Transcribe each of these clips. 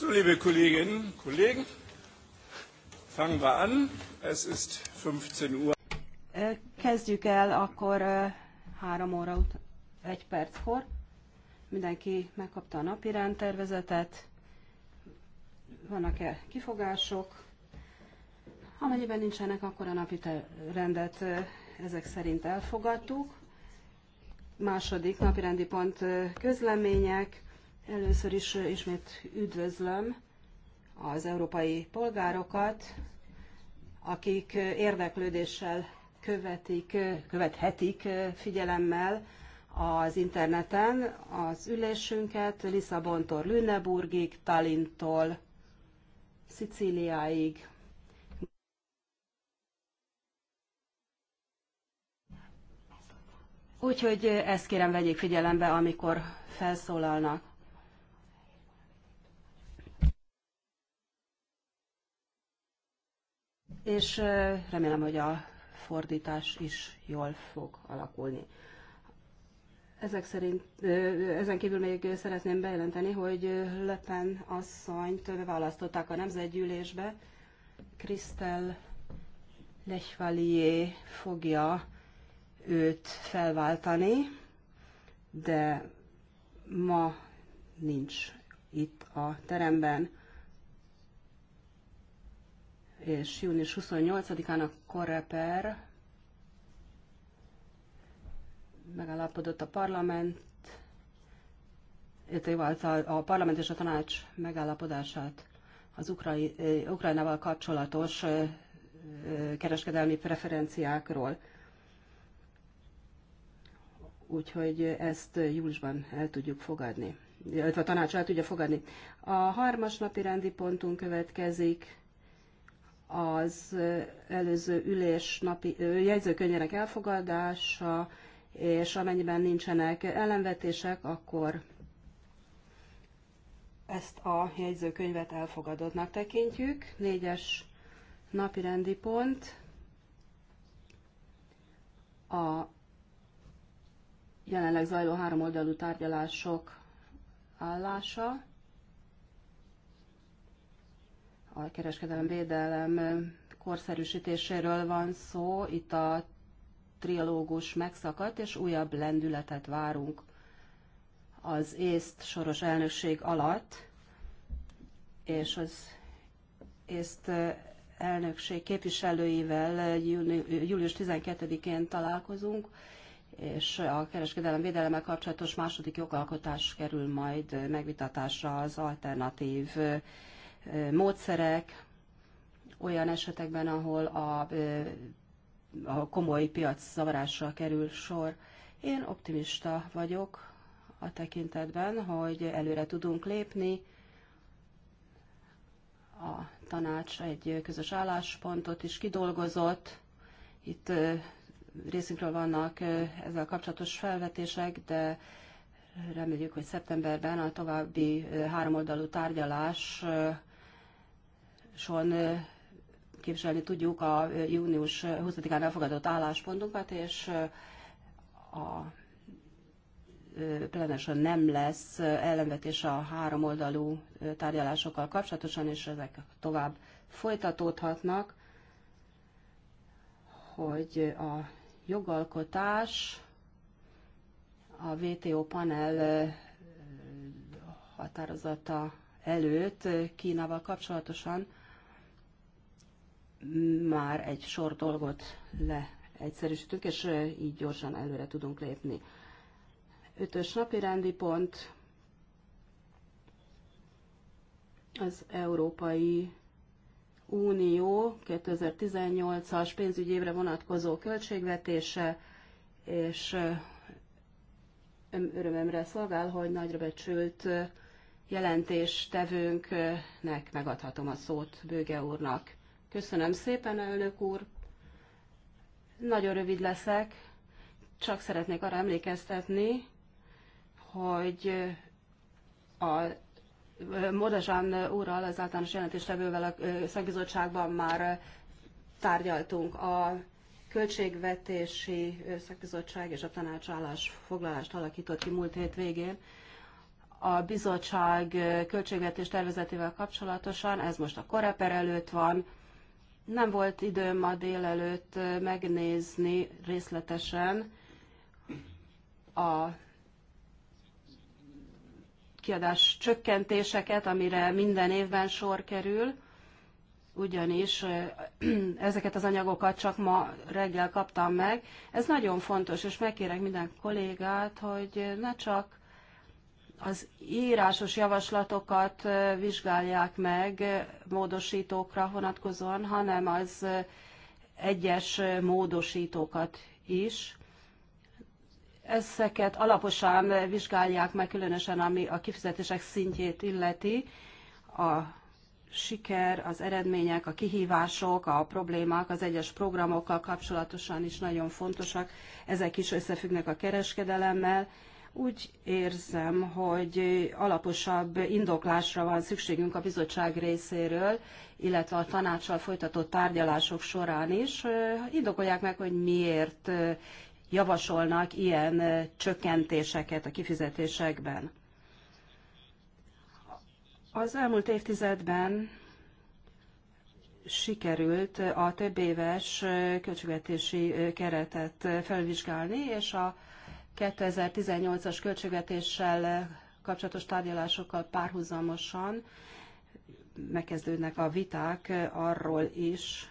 So, liebe Kolleginnen und Kollegen, fangen wir an. Es ist 15 Uhr. Kezdjük el akkor 3 óra 1 egy perckor. Mindenki megkapta a napi rendtervezetet. Vannak-e kifogások? Amennyiben nincsenek, akkor a napi rendet ezek szerint elfogadtuk. Második napi rendi pont közlemények. Először is ismét üdvözlöm az európai polgárokat, akik érdeklődéssel követik, követhetik figyelemmel az interneten az ülésünket Lisszabontól Lüneburgig, Tallintól Szicíliáig. Úgyhogy ezt kérem vegyék figyelembe, amikor felszólalnak. és remélem, hogy a fordítás is jól fog alakulni. Ezek szerint, ezen kívül még szeretném bejelenteni, hogy Lepen asszonyt választották a nemzetgyűlésbe. Krisztel Lechvalié fogja őt felváltani, de ma nincs itt a teremben és június 28-án a Koreper megállapodott a parlament, a parlament és a tanács megállapodását az ukrai, Ukrajnával kapcsolatos kereskedelmi preferenciákról. Úgyhogy ezt júliusban el tudjuk fogadni, illetve a tanács el tudja fogadni. A harmas napi rendi pontunk következik az előző ülés napi jegyzőkönyvének elfogadása, és amennyiben nincsenek ellenvetések, akkor ezt a jegyzőkönyvet elfogadottnak tekintjük. Négyes napi rendi pont a jelenleg zajló háromoldalú tárgyalások állása a kereskedelem védelem korszerűsítéséről van szó, itt a trialógus megszakadt, és újabb lendületet várunk az észt soros elnökség alatt, és az észt elnökség képviselőivel július 12-én találkozunk, és a kereskedelem védelme kapcsolatos második jogalkotás kerül majd megvitatásra az alternatív módszerek, olyan esetekben, ahol a, a komoly piac zavarásra kerül sor. Én optimista vagyok a tekintetben, hogy előre tudunk lépni. A tanács egy közös álláspontot is kidolgozott. Itt részünkről vannak ezzel kapcsolatos felvetések, de reméljük, hogy szeptemberben a további háromoldalú tárgyalás son képviselni tudjuk a június 20-án elfogadott álláspontunkat, és a plenárisan nem lesz ellenvetés a három oldalú tárgyalásokkal kapcsolatosan, és ezek tovább folytatódhatnak, hogy a jogalkotás a VTO panel határozata előtt Kínával kapcsolatosan már egy sor dolgot leegyszerűsítünk, és így gyorsan előre tudunk lépni. Ötös napi rendi pont az Európai Unió 2018-as pénzügyi évre vonatkozó költségvetése, és örömömre szolgál, hogy nagyra becsült jelentéstevőnknek megadhatom a szót Bőge úrnak. Köszönöm szépen, elnök úr. Nagyon rövid leszek, csak szeretnék arra emlékeztetni, hogy a Modazsán úrral, az általános jelentéstevővel a szakbizottságban már tárgyaltunk a költségvetési szakbizottság és a tanácsállás foglalást alakított ki múlt hét végén a bizottság költségvetés tervezetével kapcsolatosan, ez most a koreper előtt van, nem volt időm ma délelőtt megnézni részletesen a kiadás csökkentéseket, amire minden évben sor kerül, ugyanis ezeket az anyagokat csak ma reggel kaptam meg. Ez nagyon fontos, és megkérek minden kollégát, hogy ne csak az írásos javaslatokat vizsgálják meg módosítókra vonatkozóan, hanem az egyes módosítókat is. Ezeket alaposan vizsgálják meg, különösen ami a kifizetések szintjét illeti, a siker, az eredmények, a kihívások, a problémák az egyes programokkal kapcsolatosan is nagyon fontosak. Ezek is összefüggnek a kereskedelemmel, úgy érzem, hogy alaposabb indoklásra van szükségünk a bizottság részéről, illetve a tanácssal folytatott tárgyalások során is. Indokolják meg, hogy miért javasolnak ilyen csökkentéseket a kifizetésekben. Az elmúlt évtizedben sikerült a több éves költségvetési keretet felvizsgálni, és a 2018-as költségvetéssel kapcsolatos tárgyalásokkal párhuzamosan megkezdődnek a viták arról is,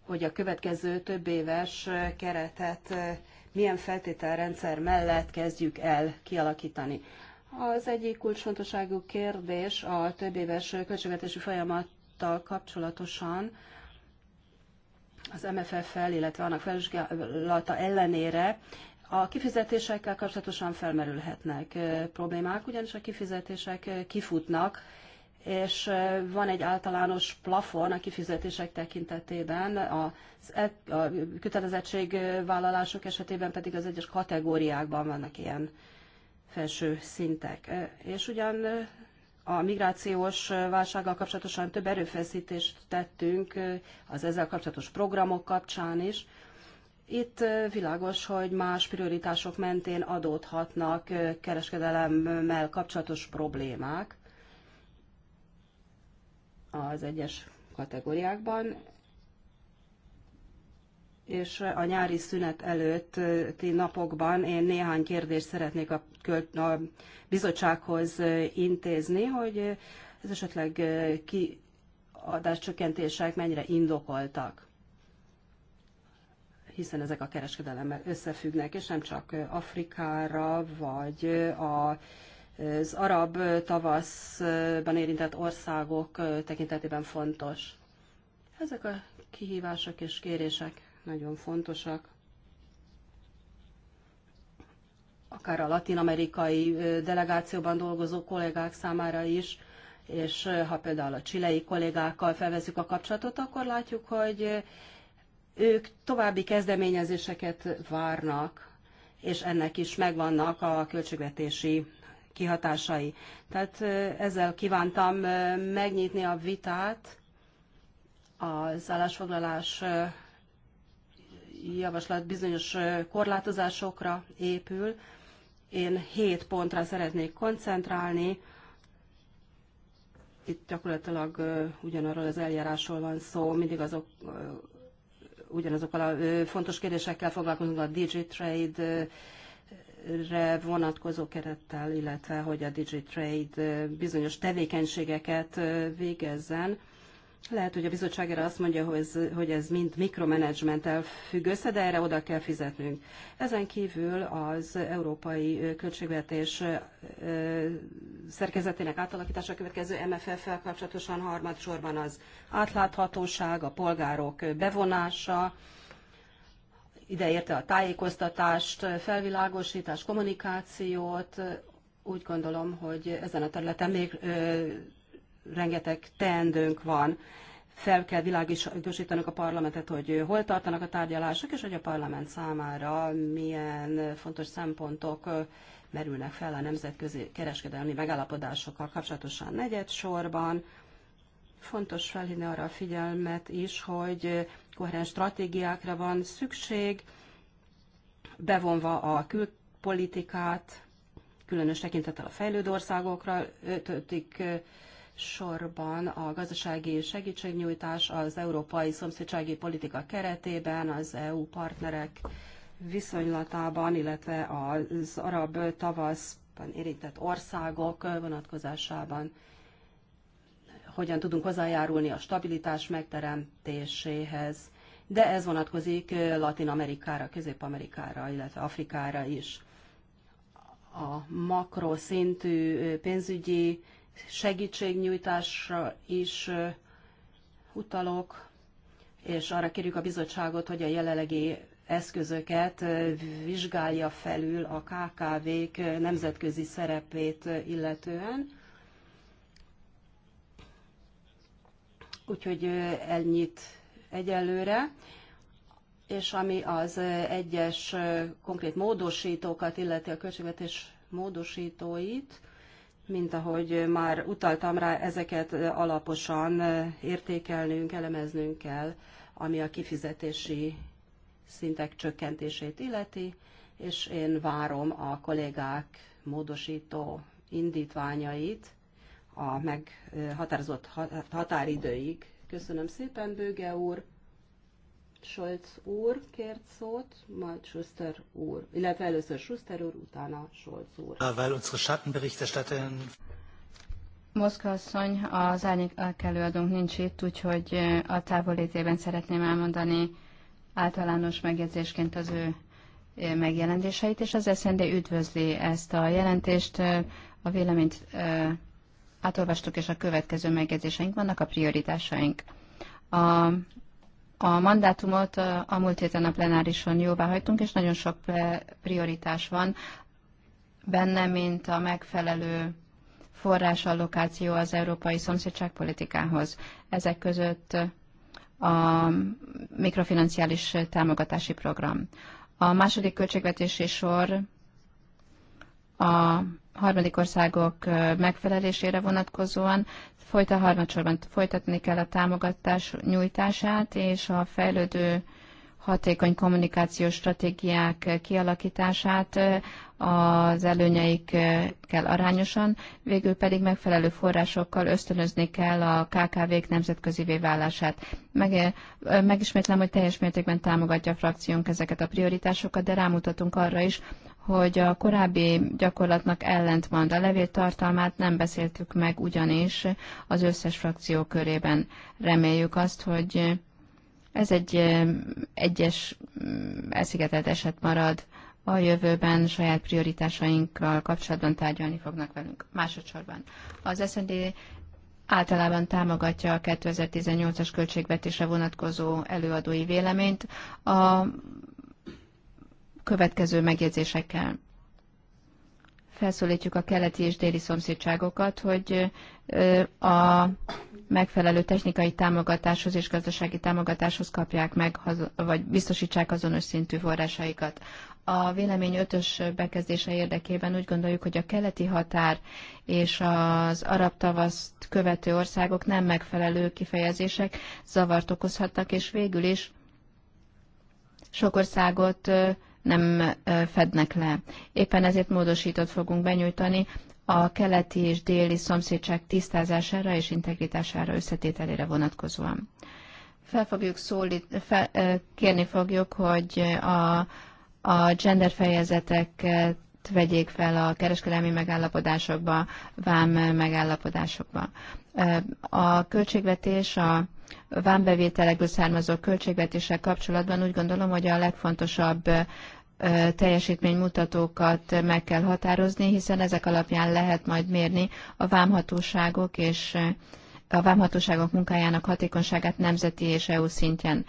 hogy a következő több éves keretet milyen feltételrendszer mellett kezdjük el kialakítani. Az egyik kulcsfontosságú kérdés a több éves költségvetési folyamattal kapcsolatosan az MFF-fel, illetve annak felülsgálata ellenére a kifizetésekkel kapcsolatosan felmerülhetnek problémák, ugyanis a kifizetések kifutnak, és van egy általános plafon a kifizetések tekintetében, e, a kötelezettségvállalások esetében pedig az egyes kategóriákban vannak ilyen felső szintek. És ugyan a migrációs válsággal kapcsolatosan több erőfeszítést tettünk az ezzel kapcsolatos programok kapcsán is, itt világos, hogy más prioritások mentén adódhatnak kereskedelemmel kapcsolatos problémák az egyes kategóriákban, és a nyári szünet előtti napokban én néhány kérdést szeretnék a, a bizottsághoz intézni, hogy ez esetleg kiadáscsökkentések mennyire indokoltak hiszen ezek a kereskedelemmel összefüggnek, és nem csak Afrikára, vagy a az arab tavaszban érintett országok tekintetében fontos. Ezek a kihívások és kérések nagyon fontosak. Akár a latin-amerikai delegációban dolgozó kollégák számára is, és ha például a csilei kollégákkal felveszük a kapcsolatot, akkor látjuk, hogy ők további kezdeményezéseket várnak, és ennek is megvannak a költségvetési kihatásai. Tehát ezzel kívántam megnyitni a vitát az állásfoglalás javaslat bizonyos korlátozásokra épül. Én hét pontra szeretnék koncentrálni. Itt gyakorlatilag ugyanarról az eljárásról van szó, mindig azok ugyanazokkal a fontos kérdésekkel foglalkozunk a DigiTrade re vonatkozó kerettel, illetve hogy a DigiTrade bizonyos tevékenységeket végezzen. Lehet, hogy a bizottság erre azt mondja, hogy ez, hogy ez mind mikromanagementtel függ össze, de erre oda kell fizetnünk. Ezen kívül az európai költségvetés szerkezetének átalakítása következő MFF-fel kapcsolatosan harmadsorban az átláthatóság, a polgárok bevonása, ideérte a tájékoztatást, felvilágosítást, kommunikációt. Úgy gondolom, hogy ezen a területen még rengeteg teendőnk van. Fel kell világosítanunk a parlamentet, hogy hol tartanak a tárgyalások, és hogy a parlament számára milyen fontos szempontok merülnek fel a nemzetközi kereskedelmi megállapodásokkal kapcsolatosan negyed sorban. Fontos felhívni arra a figyelmet is, hogy koherens stratégiákra van szükség, bevonva a külpolitikát, különös tekintettel a fejlődő országokra, ötödik sorban a gazdasági segítségnyújtás az európai szomszédsági politika keretében, az EU partnerek viszonylatában, illetve az arab tavaszban érintett országok vonatkozásában hogyan tudunk hozzájárulni a stabilitás megteremtéséhez, de ez vonatkozik Latin Amerikára, Közép-Amerikára, illetve Afrikára is. A makroszintű pénzügyi segítségnyújtásra is utalok, és arra kérjük a bizottságot, hogy a jelenlegi eszközöket vizsgálja felül a KKV-k nemzetközi szerepét illetően. Úgyhogy elnyit egyelőre és ami az egyes konkrét módosítókat, illeti a költségvetés módosítóit, mint ahogy már utaltam rá, ezeket alaposan értékelnünk, elemeznünk kell, ami a kifizetési szintek csökkentését illeti, és én várom a kollégák módosító indítványait a meghatározott határidőig. Köszönöm szépen, Bőge úr! Scholz úr kért szót, majd Schuster úr, illetve először Schuster úr, utána Scholz úr. Ah, weil unsere Schattenberichterstatterin Moszkva asszony, az árnyék előadónk nincs itt, úgyhogy a távolétében szeretném elmondani általános megjegyzésként az ő megjelentéseit, és az SZND üdvözli ezt a jelentést. A véleményt átolvastuk, és a következő megjegyzéseink vannak a prioritásaink. A a mandátumot a múlt héten a plenárison jóvá hagytunk, és nagyon sok prioritás van benne, mint a megfelelő forrásallokáció az európai szomszédságpolitikához. Ezek között a mikrofinanciális támogatási program. A második költségvetési sor a harmadik országok megfelelésére vonatkozóan Folyta harmadsorban folytatni kell a támogatás nyújtását és a fejlődő hatékony kommunikációs stratégiák kialakítását eh, az előnyeikkel arányosan, végül pedig megfelelő forrásokkal ösztönözni kell a KKV-k nemzetközi válását. Meg, eh, megismétlem, hogy teljes mértékben támogatja a frakciónk ezeket a prioritásokat, de rámutatunk arra is, hogy a korábbi gyakorlatnak ellentmond. A levél tartalmát nem beszéltük meg ugyanis az összes frakció körében. Reméljük azt, hogy ez egy egyes mm, elszigetelt eset marad. A jövőben saját prioritásainkkal kapcsolatban tárgyalni fognak velünk. Másodszorban az SZND általában támogatja a 2018-as költségvetésre vonatkozó előadói véleményt. A következő megjegyzésekkel. Felszólítjuk a keleti és déli szomszédságokat, hogy a megfelelő technikai támogatáshoz és gazdasági támogatáshoz kapják meg, vagy biztosítsák azonos szintű forrásaikat. A vélemény ötös bekezdése érdekében úgy gondoljuk, hogy a keleti határ és az arab tavaszt követő országok nem megfelelő kifejezések zavart okozhatnak, és végül is sok országot nem fednek le. Éppen ezért módosítót fogunk benyújtani a keleti és déli szomszédság tisztázására és integritására összetételére vonatkozóan. Fel fogjuk szólít, fel, kérni fogjuk, hogy a, a gender fejezeteket vegyék fel a kereskedelmi megállapodásokba, vám megállapodásokba. A költségvetés a vámbevételekből származó költségvetéssel kapcsolatban úgy gondolom, hogy a legfontosabb teljesítménymutatókat meg kell határozni, hiszen ezek alapján lehet majd mérni a vámhatóságok és a vámhatóságok munkájának hatékonyságát nemzeti és EU szintjen.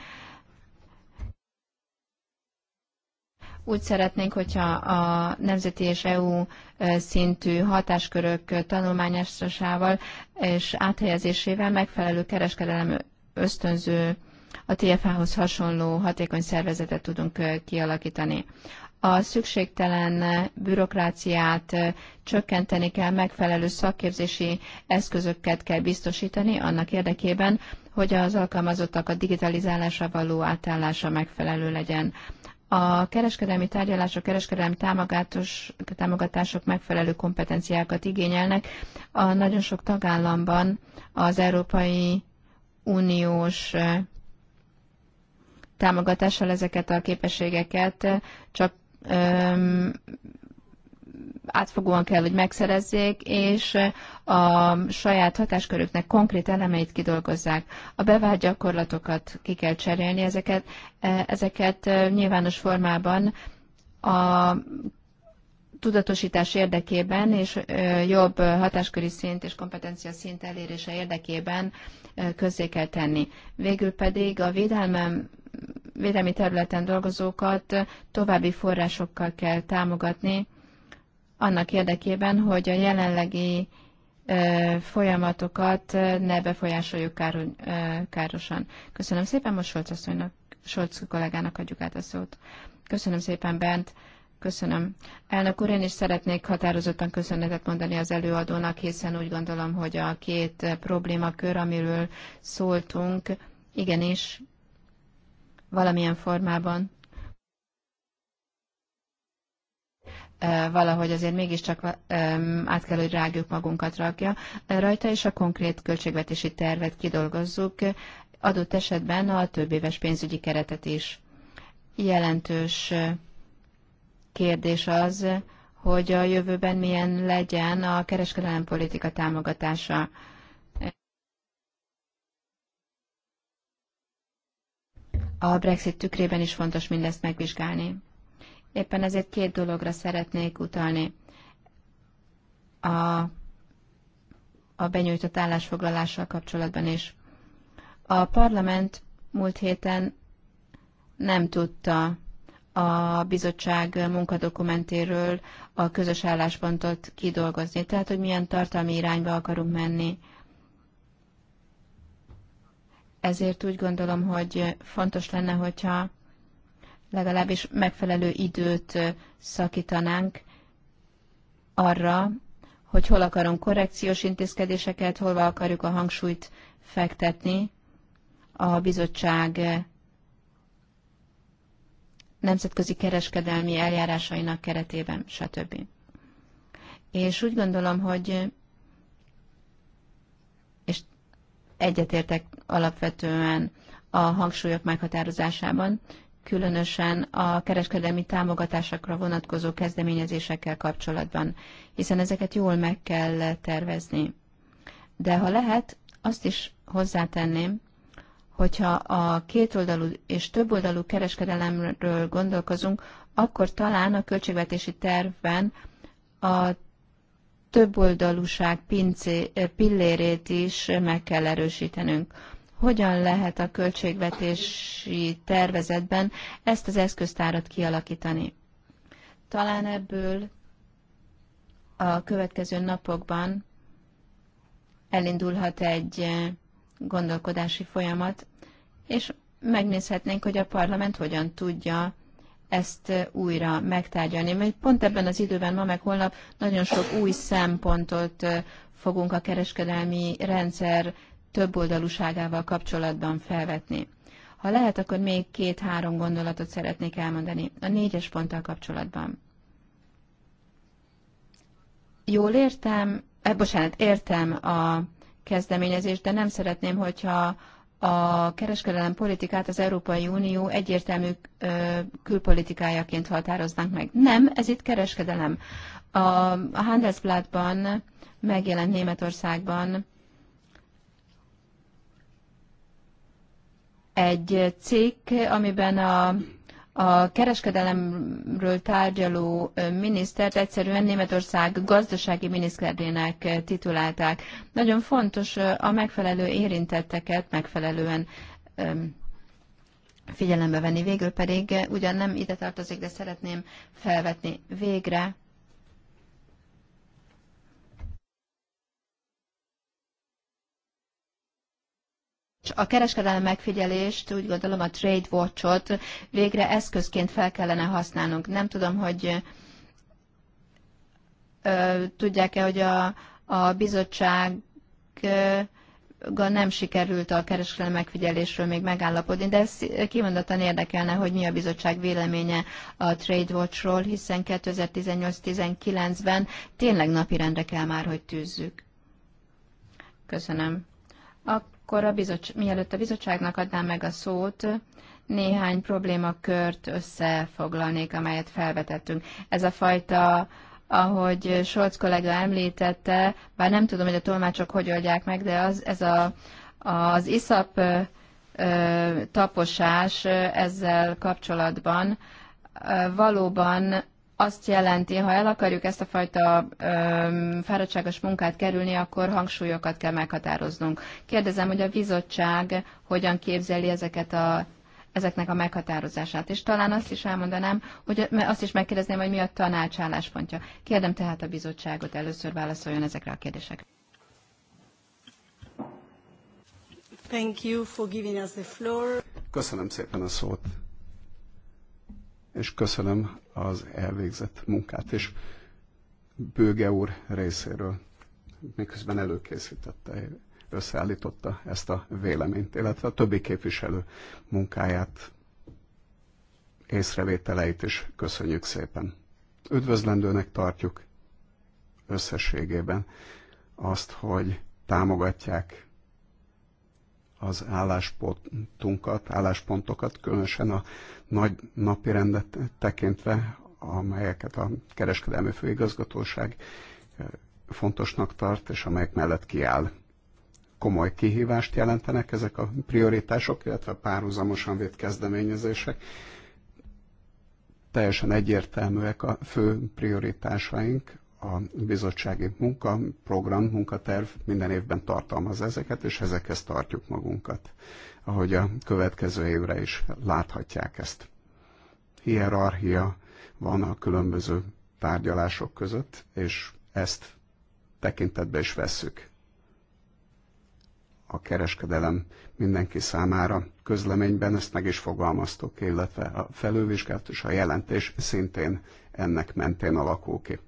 Úgy szeretnénk, hogyha a nemzeti és EU szintű hatáskörök tanulmányozásával és áthelyezésével megfelelő kereskedelem ösztönző, a TFH-hoz hasonló hatékony szervezetet tudunk kialakítani. A szükségtelen bürokráciát csökkenteni kell, megfelelő szakképzési eszközöket kell biztosítani annak érdekében, hogy az alkalmazottak a digitalizálásra való átállása megfelelő legyen. A kereskedelmi tárgyalások, kereskedelmi támogatások megfelelő kompetenciákat igényelnek. A nagyon sok tagállamban az európai uniós eh, támogatással ezeket a képességeket eh, csak öm, átfogóan kell, hogy megszerezzék, és eh, a saját hatáskörüknek konkrét elemeit kidolgozzák. A bevált gyakorlatokat ki kell cserélni, ezeket, ezeket nyilvános formában a tudatosítás érdekében és jobb hatásköri szint és kompetencia szint elérése érdekében közzé kell tenni. Végül pedig a védelmem védelmi területen dolgozókat további forrásokkal kell támogatni, annak érdekében, hogy a jelenlegi folyamatokat ne befolyásoljuk káro, károsan. Köszönöm szépen, most Solc Solc kollégának adjuk át a szót. Köszönöm szépen, Bent. Köszönöm. Elnök úr, én is szeretnék határozottan köszönetet mondani az előadónak, hiszen úgy gondolom, hogy a két problémakör, amiről szóltunk, igenis valamilyen formában valahogy azért mégiscsak át kell, hogy rágjuk magunkat rakja rajta, és a konkrét költségvetési tervet kidolgozzuk, adott esetben a több éves pénzügyi keretet is. Jelentős kérdés az, hogy a jövőben milyen legyen a kereskedelem politika támogatása. A Brexit tükrében is fontos mindezt megvizsgálni. Éppen ezért két dologra szeretnék utalni. A, a benyújtott állásfoglalással kapcsolatban is. A parlament múlt héten nem tudta a bizottság munkadokumentéről a közös álláspontot kidolgozni, tehát hogy milyen tartalmi irányba akarunk menni. Ezért úgy gondolom, hogy fontos lenne, hogyha legalábbis megfelelő időt szakítanánk arra, hogy hol akarunk korrekciós intézkedéseket, hol akarjuk a hangsúlyt fektetni a bizottság nemzetközi kereskedelmi eljárásainak keretében, stb. És úgy gondolom, hogy és egyetértek alapvetően a hangsúlyok meghatározásában, különösen a kereskedelmi támogatásokra vonatkozó kezdeményezésekkel kapcsolatban, hiszen ezeket jól meg kell tervezni. De ha lehet, azt is hozzátenném, hogyha a kétoldalú és többoldalú kereskedelemről gondolkozunk, akkor talán a költségvetési tervben a többoldalúság eh, pillérét is meg kell erősítenünk. Hogyan lehet a költségvetési tervezetben ezt az eszköztárat kialakítani? Talán ebből a következő napokban elindulhat egy eh, gondolkodási folyamat, és megnézhetnénk, hogy a parlament hogyan tudja ezt újra megtárgyalni. Mert pont ebben az időben, ma meg holnap nagyon sok új szempontot fogunk a kereskedelmi rendszer több oldalúságával kapcsolatban felvetni. Ha lehet, akkor még két-három gondolatot szeretnék elmondani a négyes ponttal kapcsolatban. Jól értem, eh, bocsánat, értem a kezdeményezést, de nem szeretném, hogyha a kereskedelem politikát az Európai Unió egyértelmű külpolitikájaként határoznánk meg. Nem, ez itt kereskedelem. A, a Handelsblattban megjelent Németországban egy cikk, amiben a a kereskedelemről tárgyaló minisztert egyszerűen Németország gazdasági miniszterének titulálták. Nagyon fontos a megfelelő érintetteket megfelelően figyelembe venni. Végül pedig ugyan nem ide tartozik, de szeretném felvetni végre A kereskedelem megfigyelést, úgy gondolom a Trade Watch-ot végre eszközként fel kellene használnunk. Nem tudom, hogy tudják-e, hogy a, a bizottság nem sikerült a kereskedelmi megfigyelésről még megállapodni, de ez kimondottan érdekelne, hogy mi a bizottság véleménye a Trade Watchról, hiszen 2018-19-ben tényleg napirendre kell már, hogy tűzzük. Köszönöm. A akkor a bizottság, mielőtt a bizottságnak adnám meg a szót, néhány problémakört összefoglalnék, amelyet felvetettünk. Ez a fajta ahogy Solc kollega említette, bár nem tudom, hogy a tolmácsok hogy oldják meg, de az, ez a, az iszap taposás ezzel kapcsolatban valóban azt jelenti, ha el akarjuk ezt a fajta ö, fáradtságos munkát kerülni, akkor hangsúlyokat kell meghatároznunk. Kérdezem, hogy a bizottság hogyan képzeli ezeket a ezeknek a meghatározását. És talán azt is elmondanám, hogy azt is megkérdezném, hogy mi a tanács álláspontja. Kérdem tehát a bizottságot először válaszoljon ezekre a kérdésekre. Thank you for giving us the floor. Köszönöm szépen a szót és köszönöm az elvégzett munkát, és Bőge úr részéről, miközben előkészítette, összeállította ezt a véleményt, illetve a többi képviselő munkáját, észrevételeit is köszönjük szépen. Üdvözlendőnek tartjuk összességében azt, hogy támogatják az álláspontunkat, álláspontokat, különösen a nagy napi rendet tekintve, amelyeket a kereskedelmi főigazgatóság eh, fontosnak tart, és amelyek mellett kiáll. Komoly kihívást jelentenek ezek a prioritások, illetve párhuzamosan vét kezdeményezések. Teljesen egyértelműek a fő prioritásaink a bizottsági munkaprogram, munkaterv minden évben tartalmaz ezeket, és ezekhez tartjuk magunkat, ahogy a következő évre is láthatják ezt. Hierarchia van a különböző tárgyalások között, és ezt tekintetbe is vesszük. A kereskedelem mindenki számára közleményben ezt meg is fogalmaztuk, illetve a felővizsgálat és a jelentés szintén ennek mentén alakul ki.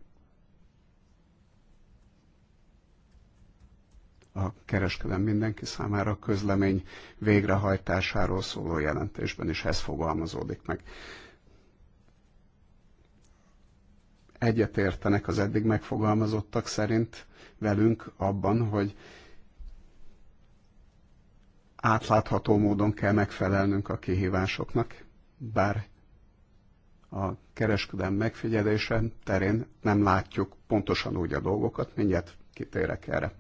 a kereskedem mindenki számára a közlemény végrehajtásáról szóló jelentésben is ez fogalmazódik meg. Egyetértenek az eddig megfogalmazottak szerint velünk abban, hogy átlátható módon kell megfelelnünk a kihívásoknak, bár a kereskedelem megfigyelése terén nem látjuk pontosan úgy a dolgokat, mindjárt kitérek erre.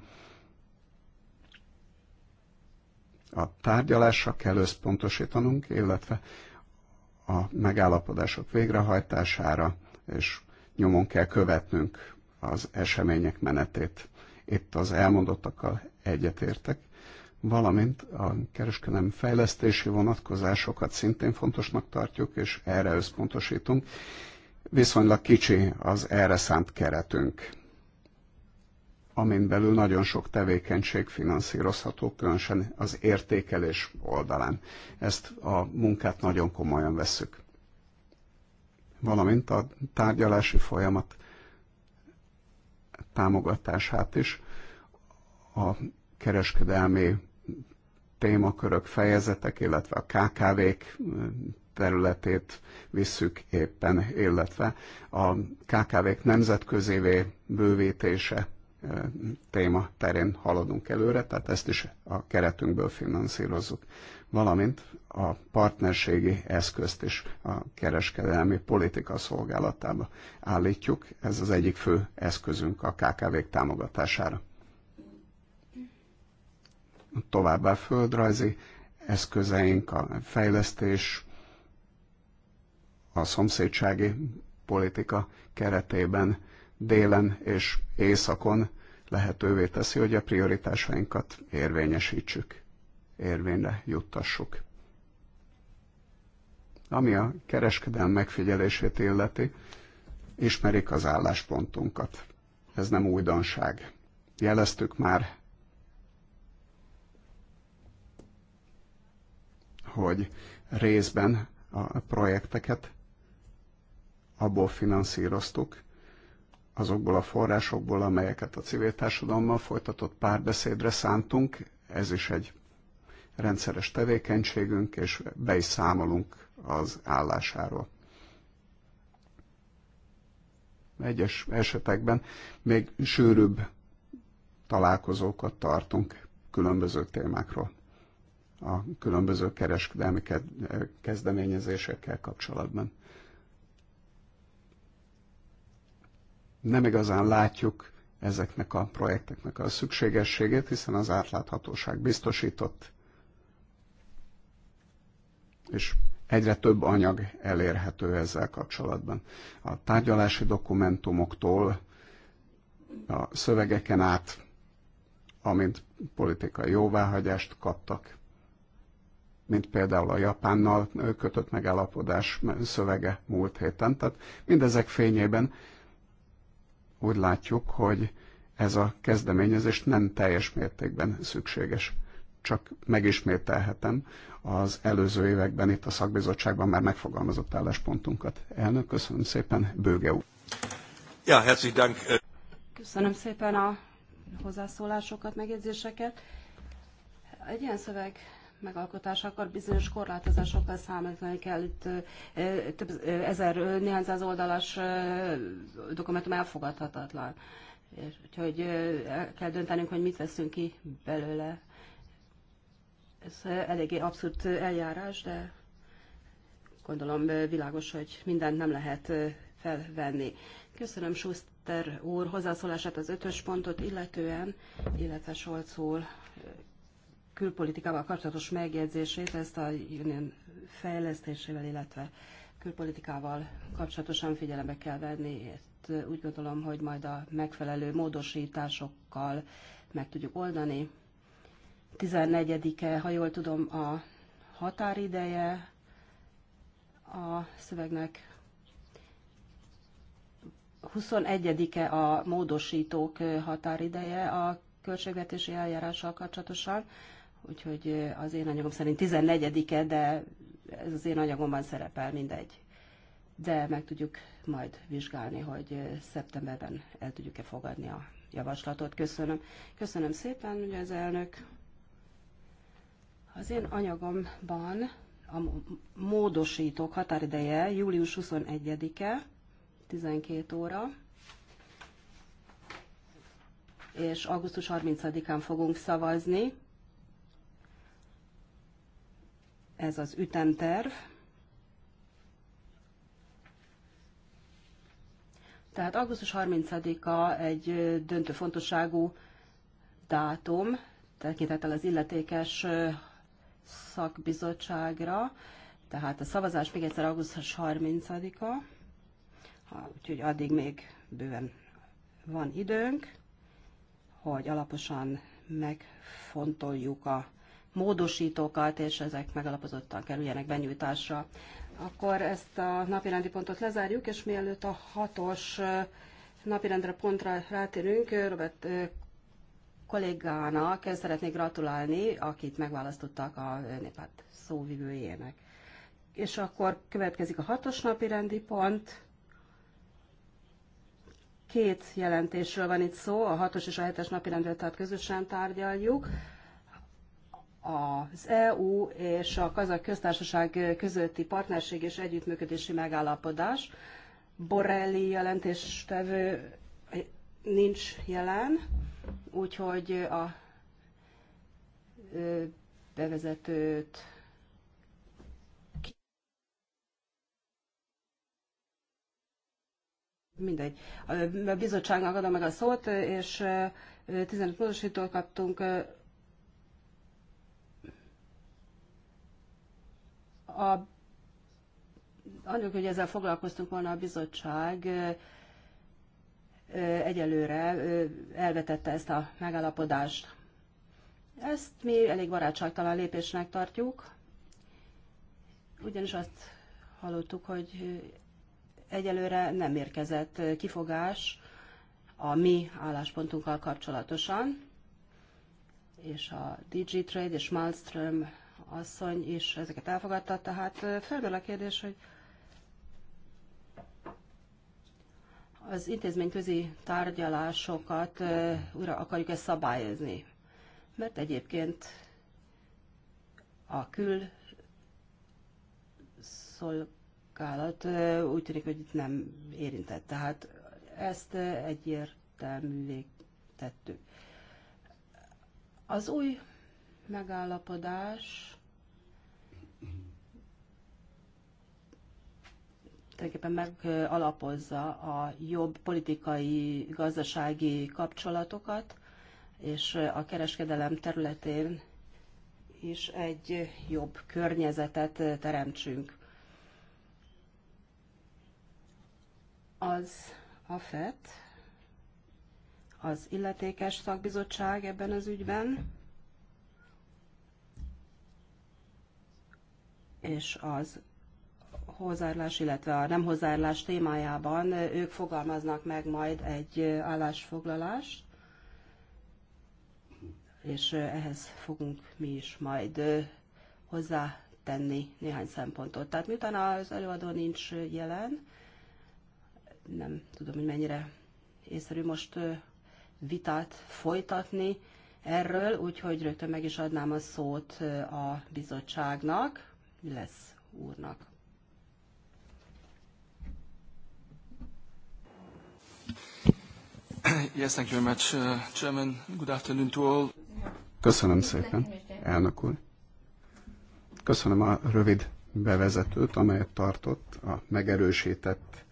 A tárgyalásra kell összpontosítanunk, illetve a megállapodások végrehajtására, és nyomon kell követnünk az események menetét. Itt az elmondottakkal egyetértek, valamint a kereskedelmi fejlesztési vonatkozásokat szintén fontosnak tartjuk, és erre összpontosítunk. Viszonylag kicsi az erre szánt keretünk amin belül nagyon sok tevékenység finanszírozható, különösen az értékelés oldalán. Ezt a munkát nagyon komolyan veszük. Valamint a tárgyalási folyamat támogatását is a kereskedelmi témakörök, fejezetek, illetve a KKV-k területét visszük éppen, illetve a KKV-k nemzetközévé bővítése téma terén haladunk előre, tehát ezt is a keretünkből finanszírozzuk, valamint a partnerségi eszközt is a kereskedelmi politika szolgálatába állítjuk. Ez az egyik fő eszközünk a KKV-k támogatására. Továbbá földrajzi eszközeink, a fejlesztés, a szomszédsági politika keretében délen és északon lehetővé teszi, hogy a prioritásainkat érvényesítsük, érvényre juttassuk. Ami a kereskedelm megfigyelését illeti, ismerik az álláspontunkat. Ez nem újdonság. Jeleztük már, hogy részben a projekteket abból finanszíroztuk, azokból a forrásokból, amelyeket a civil társadalommal folytatott párbeszédre szántunk. Ez is egy rendszeres tevékenységünk, és be is számolunk az állásáról. Egyes esetekben még sűrűbb találkozókat tartunk különböző témákról, a különböző kereskedelmi kezdeményezésekkel kapcsolatban. nem igazán látjuk ezeknek a projekteknek a szükségességét, hiszen az átláthatóság biztosított, és egyre több anyag elérhető ezzel kapcsolatban. A tárgyalási dokumentumoktól a szövegeken át, amint politikai jóváhagyást kaptak, mint például a Japánnal kötött megállapodás szövege múlt héten. Tehát mindezek fényében úgy látjuk, hogy ez a kezdeményezés nem teljes mértékben szükséges. Csak megismételhetem az előző években itt a szakbizottságban már megfogalmazott álláspontunkat. Elnök, köszönöm szépen, Bőge úr. Ja, herzlichen Dank. Köszönöm szépen a hozzászólásokat, megjegyzéseket. Egy ilyen szöveg megalkotása, akkor bizonyos korlátozásokkal számítani kell. Itt több ezer, néhány száz oldalas dokumentum elfogadhatatlan. És, úgyhogy el kell döntenünk, hogy mit veszünk ki belőle. Ez eléggé abszurd eljárás, de gondolom világos, hogy mindent nem lehet felvenni. Köszönöm Schuster úr hozzászólását az ötös pontot illetően, illetve Solc úr külpolitikával kapcsolatos megjegyzését, ezt a Union fejlesztésével, illetve külpolitikával kapcsolatosan figyelembe kell venni. Itt úgy gondolom, hogy majd a megfelelő módosításokkal meg tudjuk oldani. 14-e, ha jól tudom, a határideje a szövegnek. 21-e a módosítók határideje a költségvetési eljárással kapcsolatosan úgyhogy az én anyagom szerint 14-e, de ez az én anyagomban szerepel, mindegy. De meg tudjuk majd vizsgálni, hogy szeptemberben el tudjuk-e fogadni a javaslatot. Köszönöm. Köszönöm szépen, ugye az elnök. Az én anyagomban a módosítók határideje július 21-e, 12 óra, és augusztus 30-án fogunk szavazni. ez az ütemterv. Tehát augusztus 30-a egy döntő fontosságú dátum, tekintettel az illetékes szakbizottságra, tehát a szavazás még egyszer augusztus 30-a, úgyhogy addig még bőven van időnk, hogy alaposan megfontoljuk a módosítókat, és ezek megalapozottan kerüljenek benyújtásra. Akkor ezt a napirendi pontot lezárjuk, és mielőtt a hatos napirendre pontra rátérünk, Robert kollégának szeretnék gratulálni, akit megválasztottak a Népát szóvivőjének. És akkor következik a hatos napi rendi pont. Két jelentésről van itt szó, a hatos és a hetes napi tehát közösen tárgyaljuk az EU és a Kazak Köztársaság közötti partnerség és együttműködési megállapodás. Borelli jelentéstevő nincs jelen, úgyhogy a bevezetőt mindegy. A bizottságnak adom meg a szót, és 15 módosítót kaptunk A, annak, hogy ezzel foglalkoztunk volna a bizottság, egyelőre elvetette ezt a megállapodást. Ezt mi elég barátságtalan lépésnek tartjuk, ugyanis azt hallottuk, hogy egyelőre nem érkezett kifogás a mi álláspontunkkal kapcsolatosan, és a DigiTrade Trade és Malmström asszony is ezeket elfogadta, tehát felmerül a kérdés, hogy az intézményközi tárgyalásokat újra akarjuk-e szabályozni. Mert egyébként a kül szolgálat úgy tűnik, hogy itt nem érintett. Tehát ezt egyértelművé tettük. Az új megállapodás tulajdonképpen megalapozza a jobb politikai, gazdasági kapcsolatokat, és a kereskedelem területén is egy jobb környezetet teremtsünk. Az AFET, az illetékes szakbizottság ebben az ügyben, és az hozzáállás, illetve a nem hozzáállás témájában ők fogalmaznak meg majd egy állásfoglalást, és ehhez fogunk mi is majd hozzá tenni néhány szempontot. Tehát miután az előadó nincs jelen, nem tudom, hogy mennyire észszerű most vitát folytatni erről, úgyhogy rögtön meg is adnám a szót a bizottságnak lesz úrnak. Yes, thank you very much, uh, Chairman. Good afternoon to all. Köszönöm szépen, elnök úr. Köszönöm a rövid bevezetőt, amelyet tartott a megerősített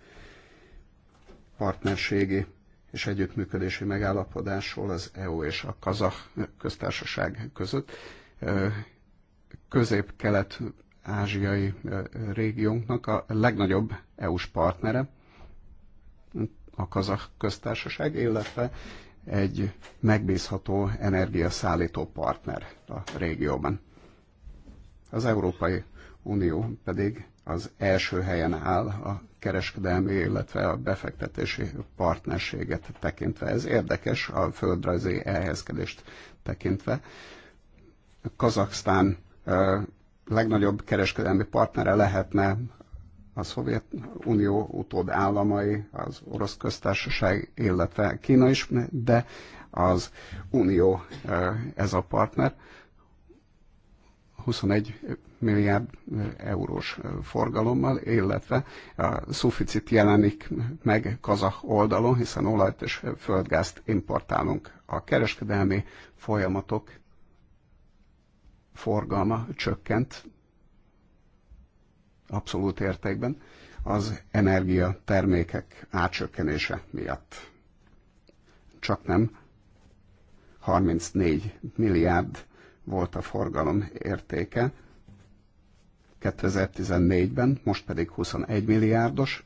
partnerségi és együttműködési megállapodásról az EU és a Kazah köztársaság között. Közép-kelet ázsiai régiónknak a legnagyobb EU-s partnere, a kazak köztársaság, illetve egy megbízható energiaszállító partner a régióban. Az Európai Unió pedig az első helyen áll a kereskedelmi, illetve a befektetési partnerséget tekintve. Ez érdekes a földrajzi elhelyezkedést tekintve. Kazaksztán legnagyobb kereskedelmi partnere lehetne a Szovjetunió utód államai, az Orosz Köztársaság, illetve Kína is, de az Unió eh, ez a partner. 21 milliárd eh, eurós eh, forgalommal, illetve a szuficit jelenik meg kazah oldalon, hiszen olajt és földgázt importálunk. A kereskedelmi folyamatok forgalma csökkent abszolút értékben az energiatermékek átcsökkenése miatt. Csak nem 34 milliárd volt a forgalom értéke 2014-ben, most pedig 21 milliárdos,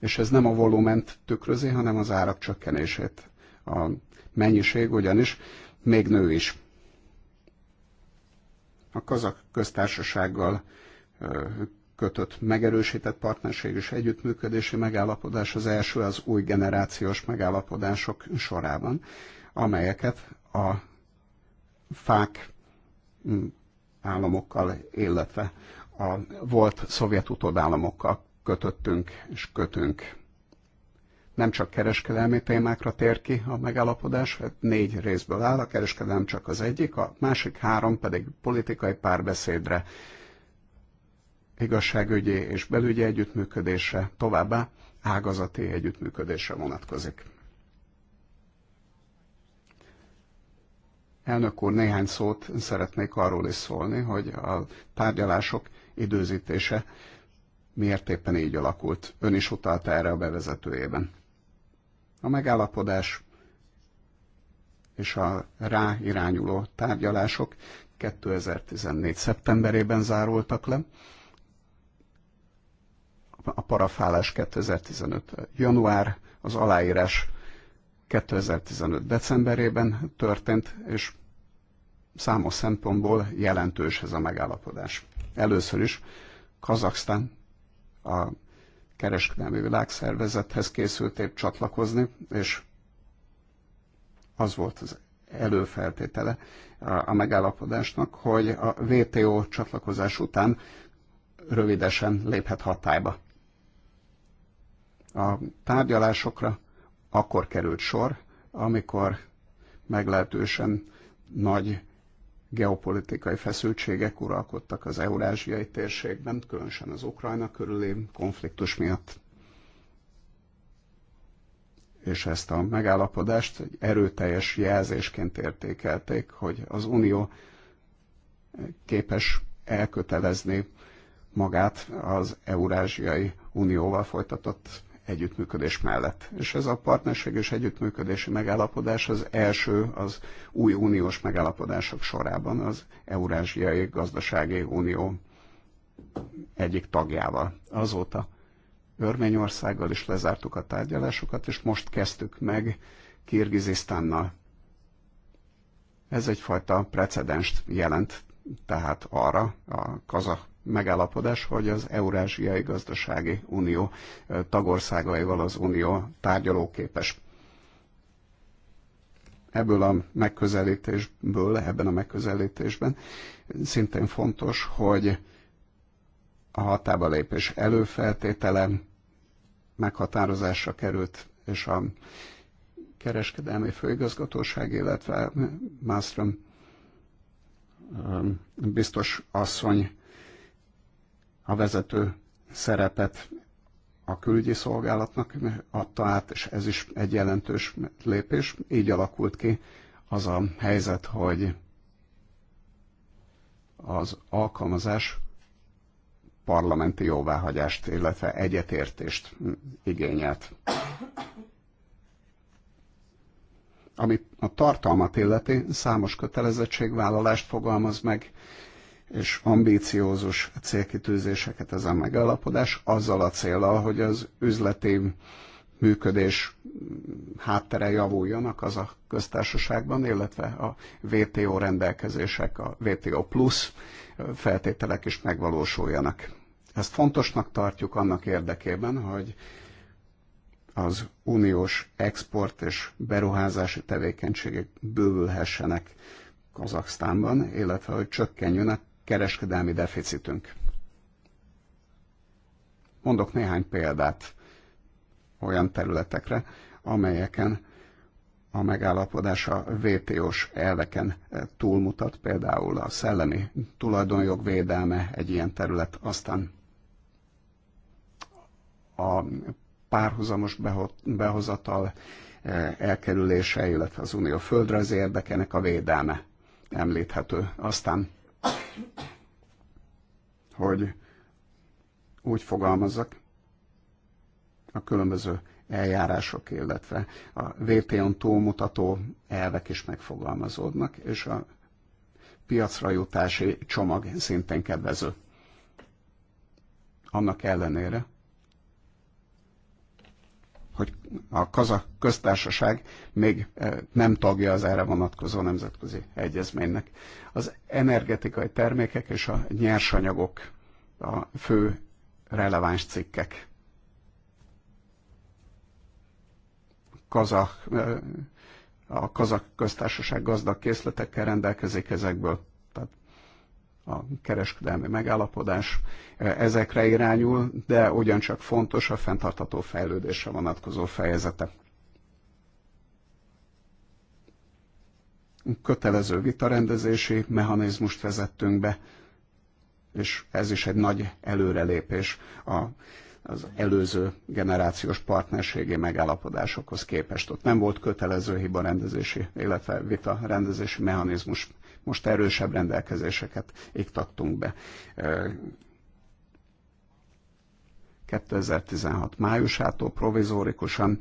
és ez nem a volument tükrözi, hanem az árak csökkenését. A mennyiség ugyanis még nő is a kazak köztársasággal kötött megerősített partnerség és együttműködési megállapodás az első az új generációs megállapodások sorában, amelyeket a fák államokkal, illetve a volt szovjet utódállamokkal kötöttünk és kötünk nem csak kereskedelmi témákra tér ki a megállapodás, hát négy részből áll, a kereskedelem csak az egyik, a másik három pedig politikai párbeszédre, igazságügyi és belügyi együttműködésre, továbbá ágazati együttműködésre vonatkozik. Elnök úr, néhány szót szeretnék arról is szólni, hogy a tárgyalások időzítése miért éppen így alakult. Ön is utalta erre a bevezetőjében. A megállapodás és a rá irányuló tárgyalások 2014. szeptemberében zárultak le, a parafálás 2015. január, az aláírás 2015. decemberében történt, és számos szempontból jelentős ez a megállapodás. Először is Kazaksztán a kereskedelmi világszervezethez készült épp csatlakozni, és az volt az előfeltétele a megállapodásnak, hogy a WTO csatlakozás után rövidesen léphet hatályba. A tárgyalásokra akkor került sor, amikor meglehetősen nagy geopolitikai feszültségek uralkodtak az eurázsiai térségben, különösen az Ukrajna körüli konfliktus miatt. És ezt a megállapodást egy erőteljes jelzésként értékelték, hogy az Unió képes elkötelezni magát az Eurázsiai Unióval folytatott együttműködés mellett. És ez a partnerség és együttműködési megállapodás az első az új uniós megállapodások sorában az Eurázsiai Gazdasági Unió egyik tagjával. Azóta Örményországgal is lezártuk a tárgyalásokat, és most kezdtük meg Kirgizisztánnal. Ez egyfajta precedenst jelent tehát arra a kazah megállapodás, hogy az Eurázsiai Gazdasági Unió tagországaival az Unió tárgyalóképes. Ebből a megközelítésből, ebben a megközelítésben szintén fontos, hogy a hatába lépés előfeltétele meghatározásra került, és a kereskedelmi főigazgatóság, illetve Mástrom biztos asszony a vezető szerepet a külügyi szolgálatnak adta át, és ez is egy jelentős lépés. Így alakult ki az a helyzet, hogy az alkalmazás parlamenti jóváhagyást, illetve egyetértést igényelt. Ami a tartalmat illeti, számos kötelezettségvállalást fogalmaz meg, és ambíciózus célkitűzéseket ez a megállapodás, azzal a célral, hogy az üzleti működés háttere javuljanak az a köztársaságban, illetve a VTO rendelkezések, a VTO plusz feltételek is megvalósuljanak. Ezt fontosnak tartjuk annak érdekében, hogy az uniós export és beruházási tevékenységek bővülhessenek Kazaksztánban, illetve hogy csökkenjön a kereskedelmi deficitünk. Mondok néhány példát olyan területekre, amelyeken a megállapodás a VTO-s elveken eh, túlmutat, például a szellemi tulajdonjog védelme egy ilyen terület, aztán a párhuzamos behozatal eh, elkerülése, illetve az unió földrajzi érdekenek a védelme említhető. Aztán hogy úgy fogalmazzak, a különböző eljárások, illetve a VPN túlmutató elvek is megfogalmazódnak, és a piacra jutási csomag szintén kedvező. Annak ellenére, hogy a kazak köztársaság még eh, nem tagja az erre vonatkozó nemzetközi egyezménynek. Az energetikai termékek és a nyersanyagok a fő releváns cikkek. Kazak, eh, a kazak köztársaság gazdag készletekkel rendelkezik ezekből. Tehát a kereskedelmi megállapodás e, ezekre irányul, de ugyancsak fontos a fenntartató fejlődésre vonatkozó fejezete. Kötelező vitarendezési mechanizmust vezettünk be, és ez is egy nagy előrelépés a az előző generációs partnerségi megállapodásokhoz képest. Ott nem volt kötelező hiba rendezési, illetve vita rendezési mechanizmus. Most erősebb rendelkezéseket iktattunk be. 2016 májusától provizórikusan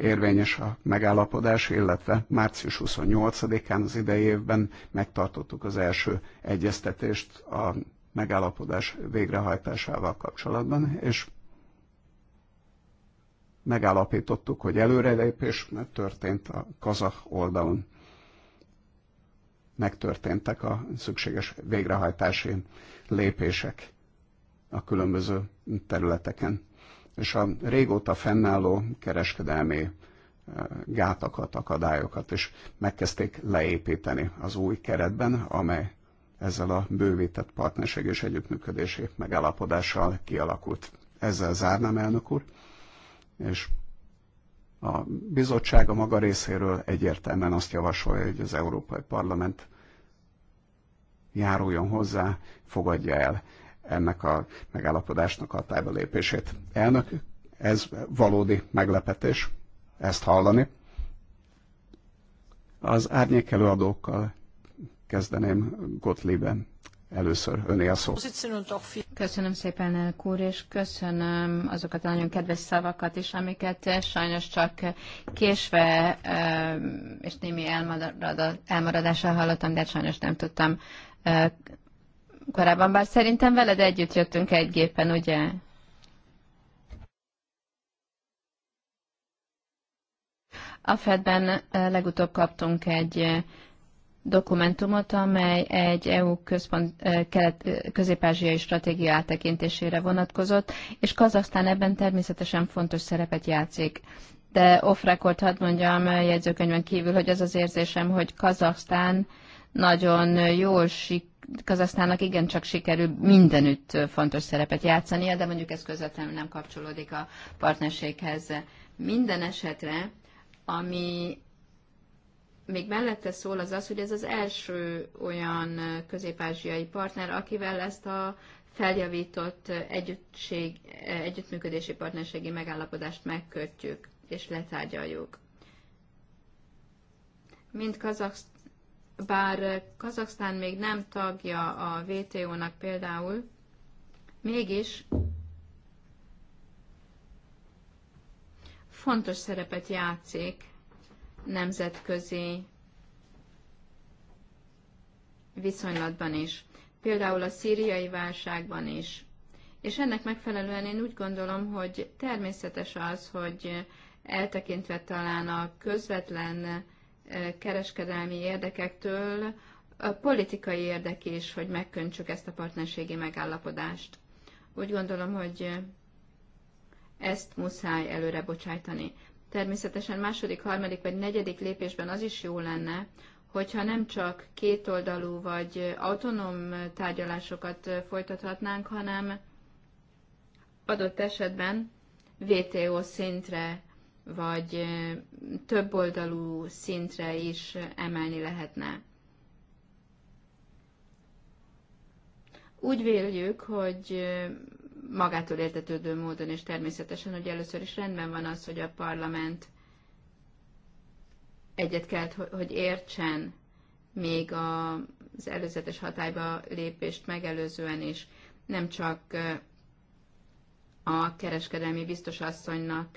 érvényes a megállapodás, illetve március 28-án az idei évben megtartottuk az első egyeztetést a megállapodás végrehajtásával kapcsolatban, és megállapítottuk, hogy előrelépés történt a kazah oldalon. Megtörténtek a szükséges végrehajtási lépések a különböző területeken. És a régóta fennálló kereskedelmi eh, gátakat, akadályokat is megkezdték leépíteni az új keretben, amely ezzel a bővített partnerség és együttműködési megállapodással kialakult. Ezzel zárnám, elnök úr, és a bizottság a maga részéről egyértelműen azt javasolja, hogy az Európai Parlament járuljon hozzá, fogadja el ennek a megállapodásnak tájba lépését. Elnök, ez valódi meglepetés, ezt hallani. Az árnyék előadókkal Kezdeném Gottlieben először öné a szó. Köszönöm szépen, elnök úr, és köszönöm azokat a nagyon kedves szavakat is, amiket sajnos csak késve és némi elmaradással hallottam, de sajnos nem tudtam korábban, bár szerintem veled együtt jöttünk egy gépen, ugye? A Fedben legutóbb kaptunk egy dokumentumot, amely egy EU központ, e, kelet, e, közép-ázsiai stratégia áttekintésére vonatkozott, és Kazaksztán ebben természetesen fontos szerepet játszik. De off-record hadd mondjam jegyzőkönyvön kívül, hogy az az érzésem, hogy Kazaksztán nagyon jól sik Kazasztának igencsak sikerül mindenütt fontos szerepet játszania, de mondjuk ez közvetlenül nem kapcsolódik a partnerséghez. Minden esetre, ami még mellette szól az az, hogy ez az első olyan közép-ázsiai partner, akivel ezt a feljavított együttség, együttműködési partnerségi megállapodást megkötjük és letárgyaljuk. Mint Kazaksz, bár Kazaksztán még nem tagja a WTO-nak például, mégis fontos szerepet játszik nemzetközi viszonylatban is, például a szíriai válságban is. És ennek megfelelően én úgy gondolom, hogy természetes az, hogy eltekintve talán a közvetlen eh, kereskedelmi érdekektől, a politikai érdek is, hogy megköntsük ezt a partnerségi megállapodást. Úgy gondolom, hogy eh, ezt muszáj előre bocsájtani. Természetesen második, harmadik vagy negyedik lépésben az is jó lenne, hogyha nem csak kétoldalú vagy autonóm tárgyalásokat folytathatnánk, hanem adott esetben VTO szintre vagy többoldalú szintre is emelni lehetne. Úgy véljük, hogy magától értetődő módon, és természetesen, hogy először is rendben van az, hogy a parlament egyet kellett, hogy értsen még az előzetes hatályba lépést megelőzően is nem csak a kereskedelmi biztosasszonynak,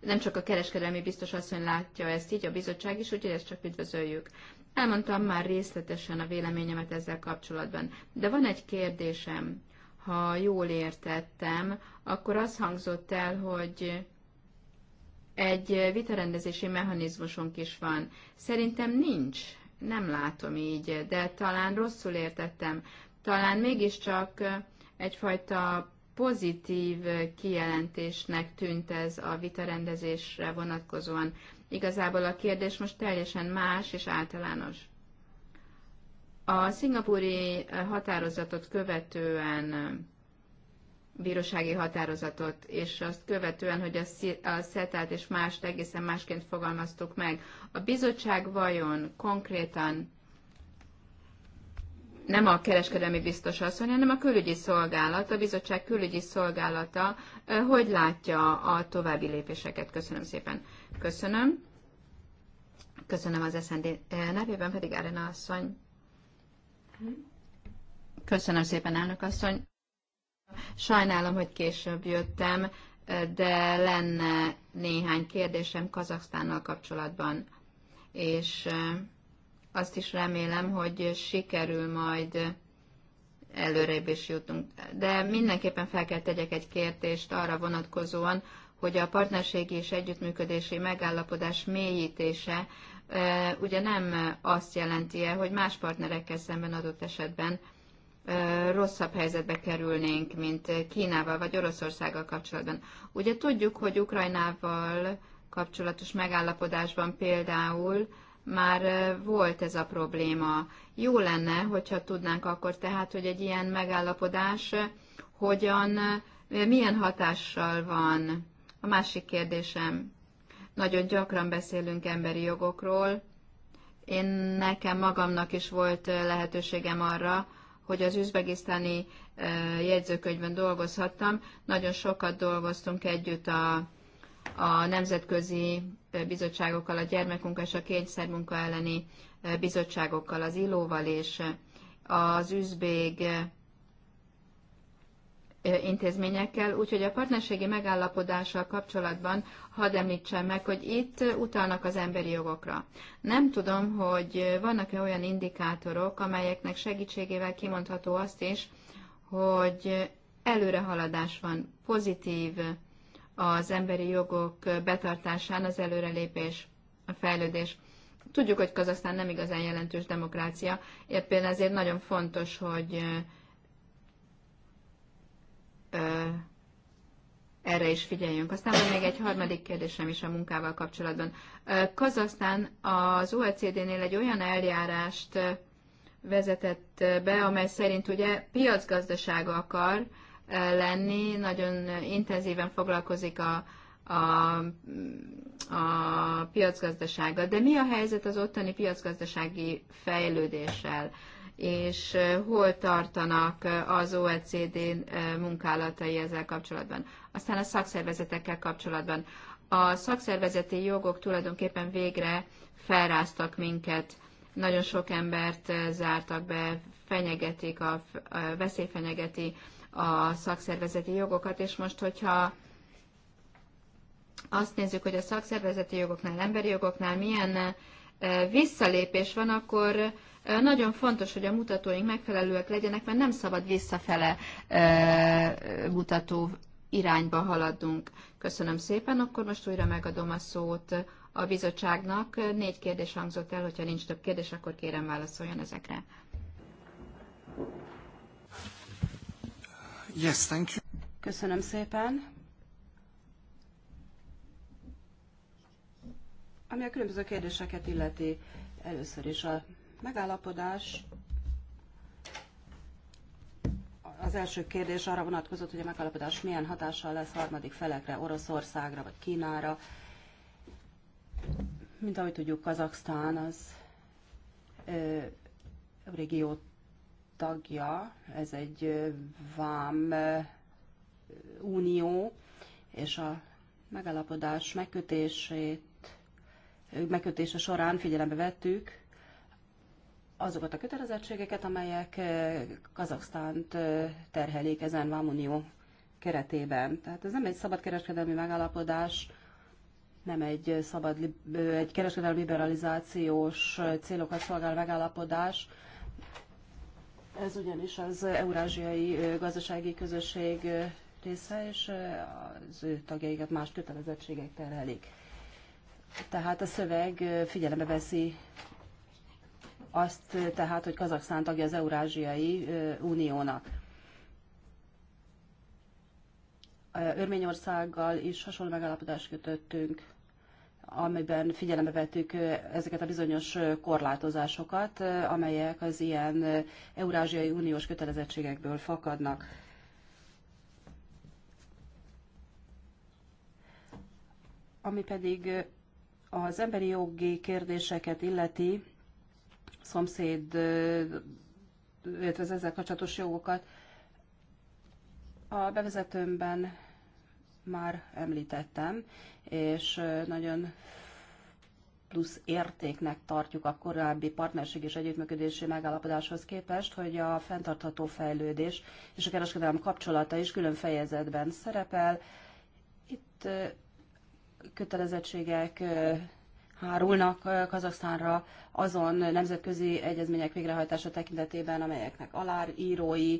nem csak a kereskedelmi biztosasszony látja ezt így, a bizottság is, úgyhogy ezt csak üdvözöljük. Elmondtam már részletesen a véleményemet ezzel kapcsolatban, de van egy kérdésem ha jól értettem, akkor az hangzott el, hogy egy vitarendezési mechanizmusunk is van. Szerintem nincs, nem látom így, de talán rosszul értettem. Talán mégiscsak egyfajta pozitív kijelentésnek tűnt ez a vitarendezésre vonatkozóan. Igazából a kérdés most teljesen más és általános. A szingapúri eh, határozatot követően, eh, bírósági határozatot, és azt követően, hogy a szetát és mást egészen másként fogalmaztuk meg, a bizottság vajon konkrétan nem a kereskedelmi biztos asszony, hanem a külügyi szolgálat, a bizottság külügyi szolgálata, eh, hogy látja a további lépéseket. Köszönöm szépen. Köszönöm. Köszönöm az SZND nevében pedig Arena asszony. Köszönöm szépen, elnök asszony. Sajnálom, hogy később jöttem, de lenne néhány kérdésem Kazaksztánnal kapcsolatban, és azt is remélem, hogy sikerül majd előrébb is jutunk. De mindenképpen fel kell tegyek egy kérdést arra vonatkozóan, hogy a partnerségi és együttműködési megállapodás mélyítése ugye nem azt jelenti -e, hogy más partnerekkel szemben adott esetben rosszabb helyzetbe kerülnénk, mint Kínával vagy Oroszországgal kapcsolatban. Ugye tudjuk, hogy Ukrajnával kapcsolatos megállapodásban például már volt ez a probléma. Jó lenne, hogyha tudnánk akkor tehát, hogy egy ilyen megállapodás hogyan, milyen hatással van. A másik kérdésem, nagyon gyakran beszélünk emberi jogokról. Én nekem magamnak is volt lehetőségem arra, hogy az üzbegisztáni jegyzőkönyvön dolgozhattam. Nagyon sokat dolgoztunk együtt a, a nemzetközi bizottságokkal, a gyermekmunka és a kényszermunka elleni bizottságokkal, az ILO-val és az üzbég intézményekkel, úgyhogy a partnerségi megállapodással kapcsolatban hadd említsem meg, hogy itt utalnak az emberi jogokra. Nem tudom, hogy vannak-e olyan indikátorok, amelyeknek segítségével kimondható azt is, hogy előrehaladás van, pozitív az emberi jogok betartásán az előrelépés, a fejlődés. Tudjuk, hogy Kazasztán nem igazán jelentős demokrácia, éppen ezért nagyon fontos, hogy erre is figyeljünk. Aztán van még egy harmadik kérdésem is a munkával kapcsolatban. Kazasztán az OECD-nél egy olyan eljárást vezetett be, amely szerint ugye piacgazdasága akar lenni, nagyon intenzíven foglalkozik a, a, a piacgazdasággal. De mi a helyzet az ottani piacgazdasági fejlődéssel? és hol tartanak az OECD munkálatai ezzel kapcsolatban. Aztán a szakszervezetekkel kapcsolatban. A szakszervezeti jogok tulajdonképpen végre felráztak minket. Nagyon sok embert zártak be, fenyegetik, a, a veszély fenyegeti a szakszervezeti jogokat, és most, hogyha azt nézzük, hogy a szakszervezeti jogoknál, emberi jogoknál milyen visszalépés van, akkor nagyon fontos, hogy a mutatóink megfelelőek legyenek, mert nem szabad visszafele mutató irányba haladunk. Köszönöm szépen, akkor most újra megadom a szót a bizottságnak. Négy kérdés hangzott el, hogyha nincs több kérdés, akkor kérem válaszoljon ezekre. Yes, thank you. Köszönöm szépen. Ami a különböző kérdéseket illeti, először is a megállapodás az első kérdés arra vonatkozott, hogy a megállapodás milyen hatással lesz harmadik felekre, Oroszországra vagy Kínára. Mint ahogy tudjuk, Kazaksztán az ö, régió tagja, ez egy vám ö, unió, és a megállapodás megkötését, megkötése során figyelembe vettük azokat a kötelezettségeket, amelyek eh, Kazaksztánt eh, terhelik ezen Vámunió keretében. Tehát ez nem egy szabad kereskedelmi megállapodás, nem egy szabad, eh, egy kereskedelmi liberalizációs célokat szolgál megállapodás. Ez ugyanis az Eurázsiai Gazdasági Közösség része, és az ő tagjaikat más kötelezettségek terhelik. Tehát a szöveg figyelembe veszi azt tehát, hogy Kazaksztán tagja az Eurázsiai Uniónak. Örményországgal is hasonló megállapodást kötöttünk, amiben figyelembe vettük ezeket a bizonyos korlátozásokat, amelyek az ilyen Eurázsiai Uniós kötelezettségekből fakadnak. Ami pedig az emberi jogi kérdéseket illeti, szomszéd, illetve az ezzel kapcsolatos jogokat. A bevezetőmben már említettem, és nagyon plusz értéknek tartjuk a korábbi partnerség és együttműködési megállapodáshoz képest, hogy a fenntartható fejlődés és a kereskedelem kapcsolata is külön fejezetben szerepel. Itt kötelezettségek hárulnak Kazasztánra azon nemzetközi egyezmények végrehajtása tekintetében, amelyeknek alárírói,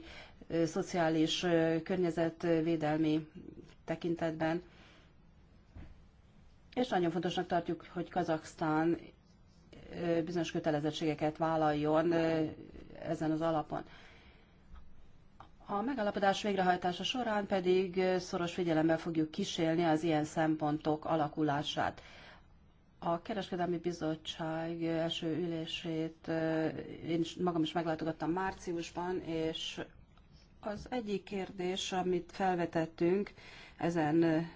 szociális, környezetvédelmi tekintetben. És nagyon fontosnak tartjuk, hogy Kazaksztán bizonyos kötelezettségeket vállaljon ezen az alapon. A megalapodás végrehajtása során pedig szoros figyelemmel fogjuk kísérni az ilyen szempontok alakulását. A Kereskedelmi Bizottság első ülését én magam is meglátogattam márciusban, és az egyik kérdés, amit felvetettünk ezen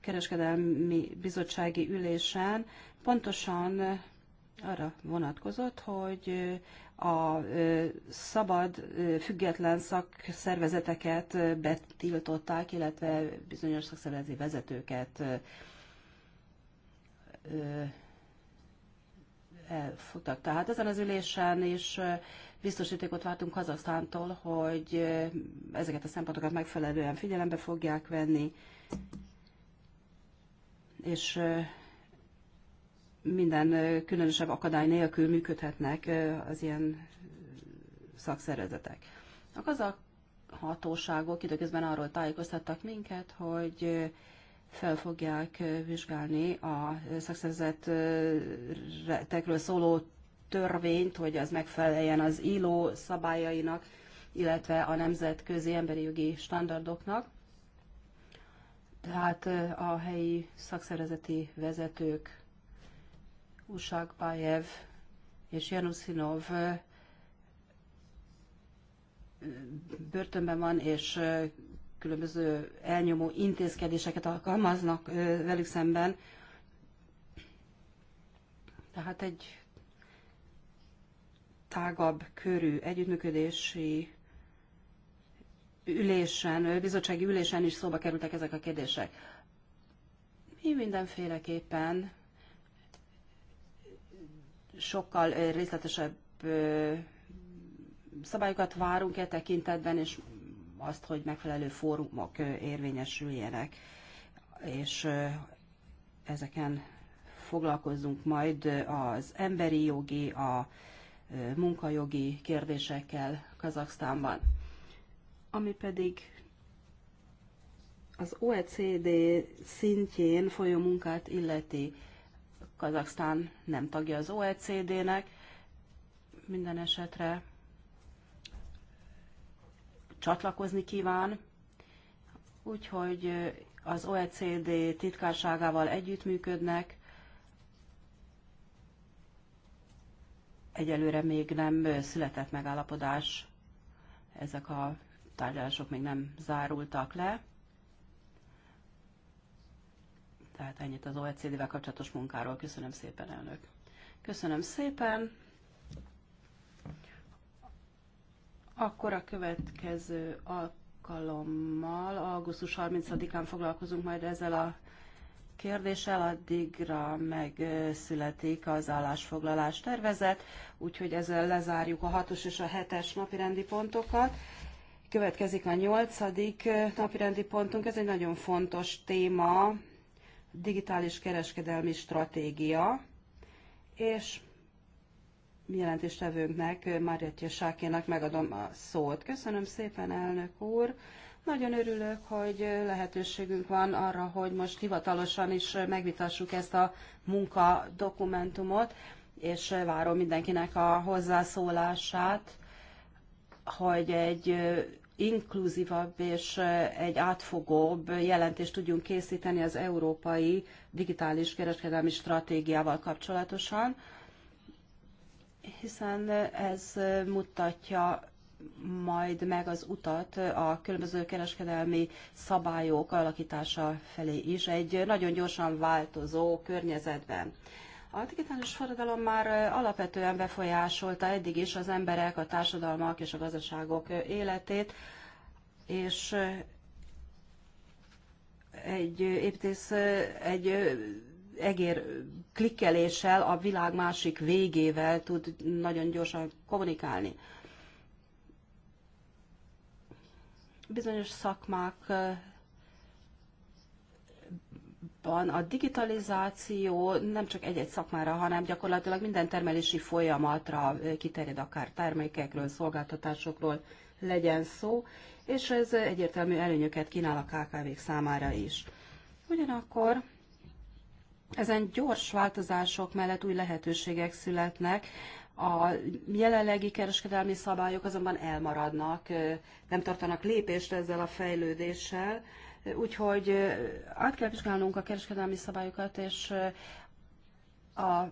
kereskedelmi bizottsági ülésen, pontosan arra vonatkozott, hogy a szabad, független szakszervezeteket betiltották, illetve bizonyos szakszervezeti vezetőket elfutatta. Tehát ezen az ülésen is biztosítékot vártunk Kazasztántól, hogy ezeket a szempontokat megfelelően figyelembe fogják venni, és minden különösebb akadály nélkül működhetnek az ilyen szakszervezetek. A kazak hatóságok időközben arról tájékoztattak minket, hogy fel fogják vizsgálni a szakszervezetekről szóló törvényt, hogy az megfeleljen az ILO szabályainak, illetve a nemzetközi emberi jogi standardoknak. Tehát a helyi szakszervezeti vezetők Bájev és Januszinov börtönben van, és különböző elnyomó intézkedéseket alkalmaznak velük szemben. Tehát egy tágabb körű együttműködési ülésen, bizottsági ülésen is szóba kerültek ezek a kérdések. Mi mindenféleképpen sokkal részletesebb szabályokat várunk e tekintetben, és azt, hogy megfelelő fórumok érvényesüljenek, és ezeken foglalkozzunk majd az emberi jogi, a munkajogi kérdésekkel Kazaksztánban. Ami pedig az OECD szintjén folyó munkát illeti, Kazaksztán nem tagja az OECD-nek, minden esetre csatlakozni kíván, úgyhogy az OECD titkárságával együttműködnek. Egyelőre még nem született megállapodás, ezek a tárgyalások még nem zárultak le. Tehát ennyit az OECD-vel kapcsolatos munkáról. Köszönöm szépen, elnök. Köszönöm szépen. akkor a következő alkalommal, augusztus 30-án foglalkozunk majd ezzel a kérdéssel, addigra megszületik az állásfoglalás tervezet, úgyhogy ezzel lezárjuk a 6-os és a 7-es napirendi pontokat. Következik a 8. Eh, napirendi pontunk, ez egy nagyon fontos téma, digitális kereskedelmi stratégia, és jelentéstevőnknek, Marjetje Sákénak megadom a szót. Köszönöm szépen, elnök úr! Nagyon örülök, hogy lehetőségünk van arra, hogy most hivatalosan is megvitassuk ezt a munkadokumentumot, és várom mindenkinek a hozzászólását, hogy egy inkluzívabb és egy átfogóbb jelentést tudjunk készíteni az európai digitális kereskedelmi stratégiával kapcsolatosan hiszen ez mutatja majd meg az utat a különböző kereskedelmi szabályok alakítása felé is egy nagyon gyorsan változó környezetben. A digitális forradalom már alapvetően befolyásolta eddig is az emberek, a társadalmak és a gazdaságok életét, és egy építész, egy egér klikkeléssel a világ másik végével tud nagyon gyorsan kommunikálni. Bizonyos szakmák van a digitalizáció nem csak egy-egy szakmára, hanem gyakorlatilag minden termelési folyamatra kiterjed, akár termékekről, szolgáltatásokról legyen szó, és ez egyértelmű előnyöket kínál a KKV-k számára is. Ugyanakkor ezen gyors változások mellett új lehetőségek születnek, a jelenlegi kereskedelmi szabályok azonban elmaradnak, nem tartanak lépést ezzel a fejlődéssel, úgyhogy át kell vizsgálnunk a kereskedelmi szabályokat, és a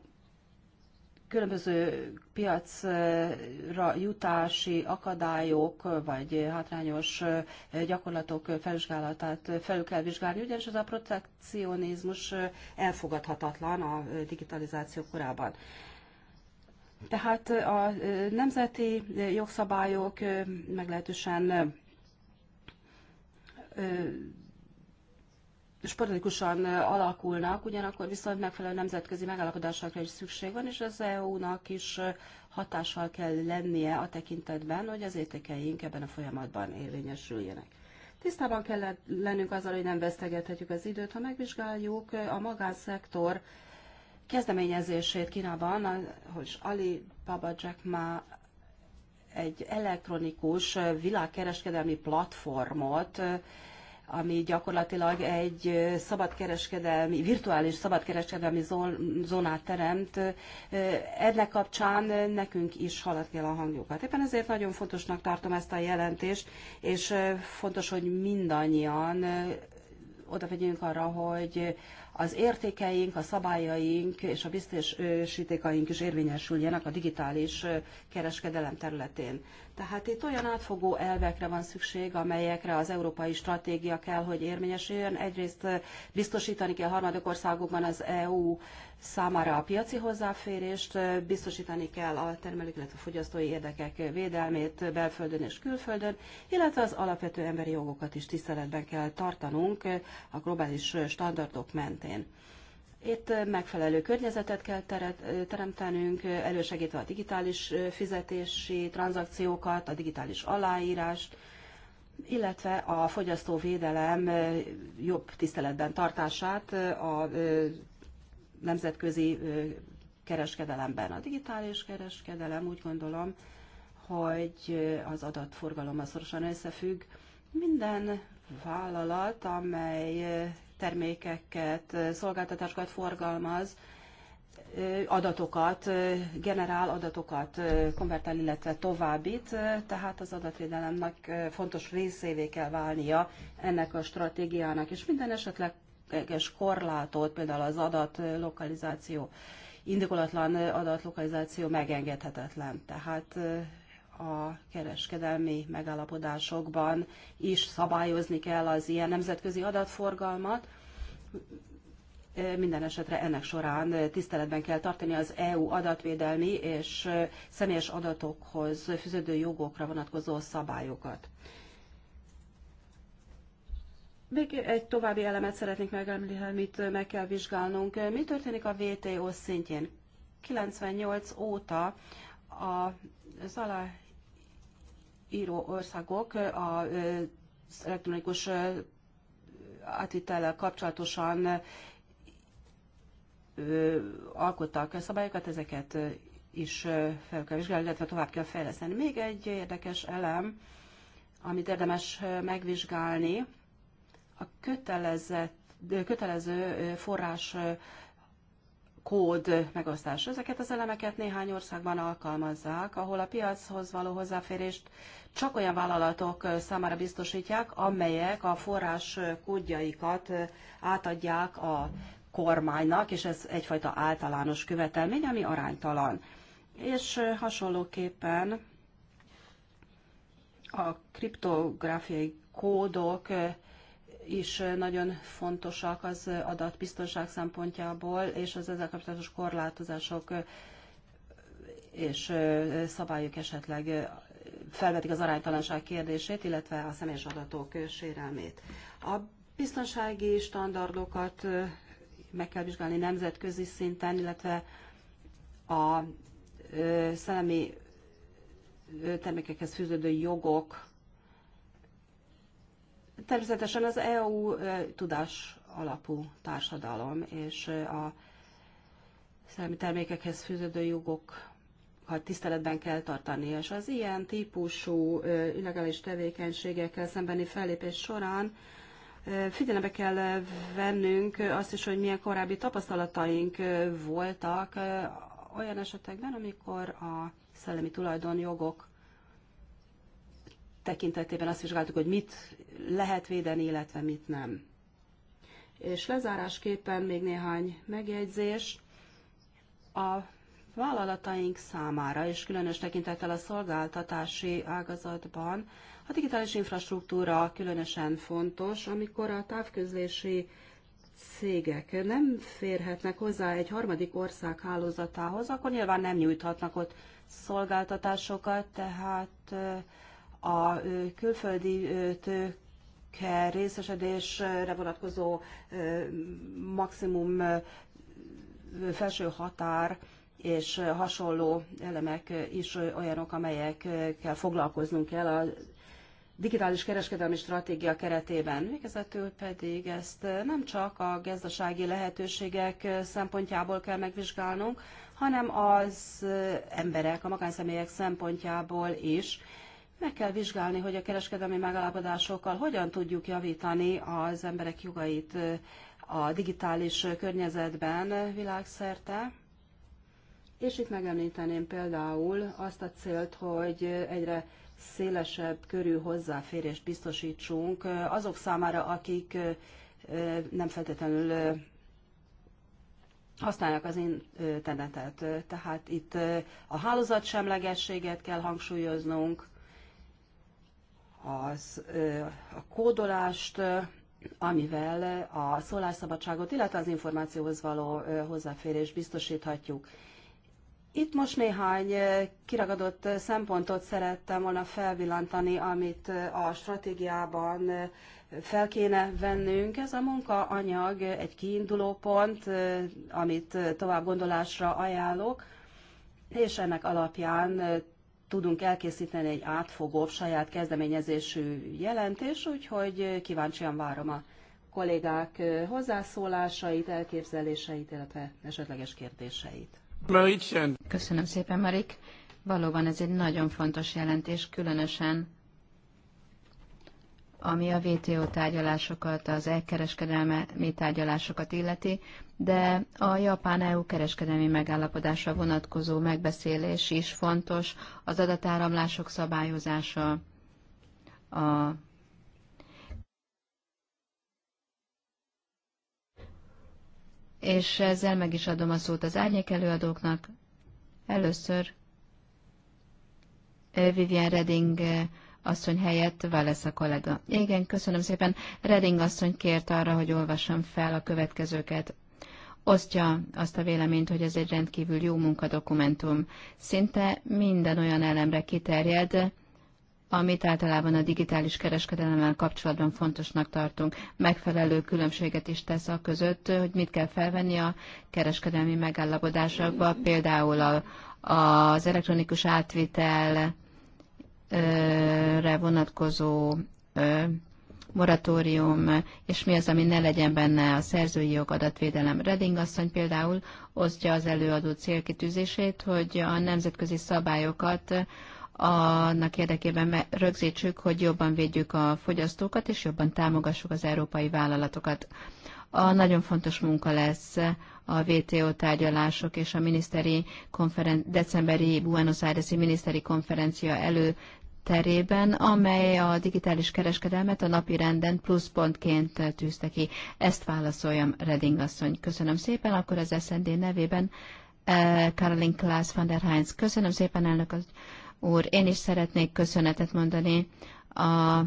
különböző piacra jutási akadályok vagy hátrányos gyakorlatok felvizsgálatát felül kell vizsgálni, ugyanis ez a protekcionizmus elfogadhatatlan a digitalizáció korában. Tehát a nemzeti jogszabályok meglehetősen sporadikusan alakulnak, ugyanakkor viszont megfelelő nemzetközi megállapodásokra is szükség van, és az EU-nak is hatással kell lennie a tekintetben, hogy az értékeink ebben a folyamatban érvényesüljenek. Tisztában kell lennünk azzal, hogy nem vesztegethetjük az időt, ha megvizsgáljuk a magánszektor kezdeményezését Kínában, hogy Ali Baba Jack Ma egy elektronikus világkereskedelmi platformot ami gyakorlatilag egy szabadkereskedelmi, virtuális szabadkereskedelmi zónát teremt. Ennek kapcsán nekünk is haladni a hangjukat. Éppen ezért nagyon fontosnak tartom ezt a jelentést, és fontos, hogy mindannyian odafigyelünk arra, hogy az értékeink, a szabályaink és a biztosítékaink is érvényesüljenek a digitális kereskedelem területén. Tehát itt olyan átfogó elvekre van szükség, amelyekre az európai stratégia kell, hogy érvényesüljön. Egyrészt biztosítani kell harmadik országokban az EU számára a piaci hozzáférést, biztosítani kell a termelők, illetve a fogyasztói érdekek védelmét belföldön és külföldön, illetve az alapvető emberi jogokat is tiszteletben kell tartanunk a globális standardok mentén. Itt megfelelő környezetet kell teremtenünk, elősegítve a digitális fizetési tranzakciókat, a digitális aláírást, illetve a fogyasztóvédelem jobb tiszteletben tartását a nemzetközi kereskedelemben. A digitális kereskedelem úgy gondolom, hogy az adatforgalommal szorosan összefügg. Minden vállalat, amely termékeket, szolgáltatásokat forgalmaz, adatokat, generál adatokat konvertál, illetve továbbít, tehát az adatvédelemnek fontos részévé kell válnia ennek a stratégiának, és minden esetleges korlátot, például az adatlokalizáció, indokolatlan adatlokalizáció megengedhetetlen. Tehát a kereskedelmi megállapodásokban is szabályozni kell az ilyen nemzetközi adatforgalmat. Minden esetre ennek során tiszteletben kell tartani az EU adatvédelmi és személyes adatokhoz fűződő jogokra vonatkozó szabályokat. Még egy további elemet szeretnék megemlíteni, amit meg kell vizsgálnunk. Mi történik a WTO szintjén? 98 óta a az alá író országok az elektronikus átvitellel kapcsolatosan alkottak szabályokat, ezeket is fel kell vizsgálni, illetve tovább kell fejleszteni. Még egy érdekes elem, amit érdemes megvizsgálni, a kötelezett, kötelező forrás kód megosztás. Ezeket az elemeket néhány országban alkalmazzák, ahol a piachoz való hozzáférést csak olyan vállalatok számára biztosítják, amelyek a forrás kódjaikat átadják a kormánynak, és ez egyfajta általános követelmény, ami aránytalan. És hasonlóképpen a kriptográfiai kódok is nagyon fontosak az adatbiztonság szempontjából, és az ezzel kapcsolatos korlátozások és szabályok esetleg felvetik az aránytalanság kérdését, illetve a személyes adatok sérelmét. A biztonsági standardokat meg kell vizsgálni nemzetközi szinten, illetve a szellemi termékekhez fűződő jogok Természetesen az EU tudás alapú társadalom, és a szellemi termékekhez fűződő ha tiszteletben kell tartani, és az ilyen típusú illegális tevékenységekkel szembeni fellépés során figyelembe kell vennünk azt is, hogy milyen korábbi tapasztalataink voltak olyan esetekben, amikor a szellemi tulajdonjogok tekintetében azt vizsgáltuk, hogy mit lehet védeni, illetve mit nem. És lezárásképpen még néhány megjegyzés. A vállalataink számára, és különös tekintettel a szolgáltatási ágazatban a digitális infrastruktúra különösen fontos, amikor a távközlési cégek nem férhetnek hozzá egy harmadik ország hálózatához, akkor nyilván nem nyújthatnak ott szolgáltatásokat, tehát a külföldi tőke részesedésre vonatkozó maximum felső határ és hasonló elemek is olyanok, amelyekkel foglalkoznunk kell a digitális kereskedelmi stratégia keretében. Végezetül pedig ezt nem csak a gazdasági lehetőségek szempontjából kell megvizsgálnunk, hanem az emberek, a magánszemélyek szempontjából is, meg kell vizsgálni, hogy a kereskedelmi megállapodásokkal hogyan tudjuk javítani az emberek jogait a digitális környezetben világszerte. És itt megemlíteném például azt a célt, hogy egyre szélesebb körű hozzáférést biztosítsunk azok számára, akik nem feltétlenül használják az internetet. Tehát itt a hálózatsemlegességet kell hangsúlyoznunk, az, a kódolást, amivel a szólásszabadságot, illetve az információhoz való hozzáférés biztosíthatjuk. Itt most néhány kiragadott szempontot szerettem volna felvillantani, amit a stratégiában fel kéne vennünk. Ez a munkaanyag egy kiinduló pont, amit tovább gondolásra ajánlok, és ennek alapján tudunk elkészíteni egy átfogó saját kezdeményezésű jelentés, úgyhogy kíváncsian várom a kollégák hozzászólásait, elképzeléseit, illetve esetleges kérdéseit. Köszönöm szépen, Marik. Valóban ez egy nagyon fontos jelentés, különösen ami a WTO tárgyalásokat, az elkereskedelmi tárgyalásokat illeti, de a Japán-EU kereskedelmi megállapodásra vonatkozó megbeszélés is fontos, az adatáramlások szabályozása, a És ezzel meg is adom a szót az árnyék előadóknak. Először Vivian Redding asszony helyett válasz a kollega. Igen, köszönöm szépen. Redding asszony kért arra, hogy olvassam fel a következőket osztja azt a véleményt, hogy ez egy rendkívül jó munkadokumentum. Szinte minden olyan elemre kiterjed, amit általában a digitális kereskedelemmel kapcsolatban fontosnak tartunk. Megfelelő különbséget is tesz a között, hogy mit kell felvenni a kereskedelmi megállapodásokba, például a, az elektronikus átvitelre vonatkozó moratórium, és mi az, ami ne legyen benne a szerzői jogadatvédelem. Reding asszony például osztja az előadó célkitűzését, hogy a nemzetközi szabályokat annak érdekében rögzítsük, hogy jobban védjük a fogyasztókat, és jobban támogassuk az európai vállalatokat. A nagyon fontos munka lesz a WTO tárgyalások és a miniszteri konferen- decemberi Buenos Aires-i miniszteri konferencia elő terében, amely a digitális kereskedelmet a napi renden pluszpontként tűzte ki. Ezt válaszoljam, Reding asszony. Köszönöm szépen, akkor az SND nevében Karolin eh, Klaas van der Heinz. Köszönöm szépen, elnök úr. Én is szeretnék köszönetet mondani a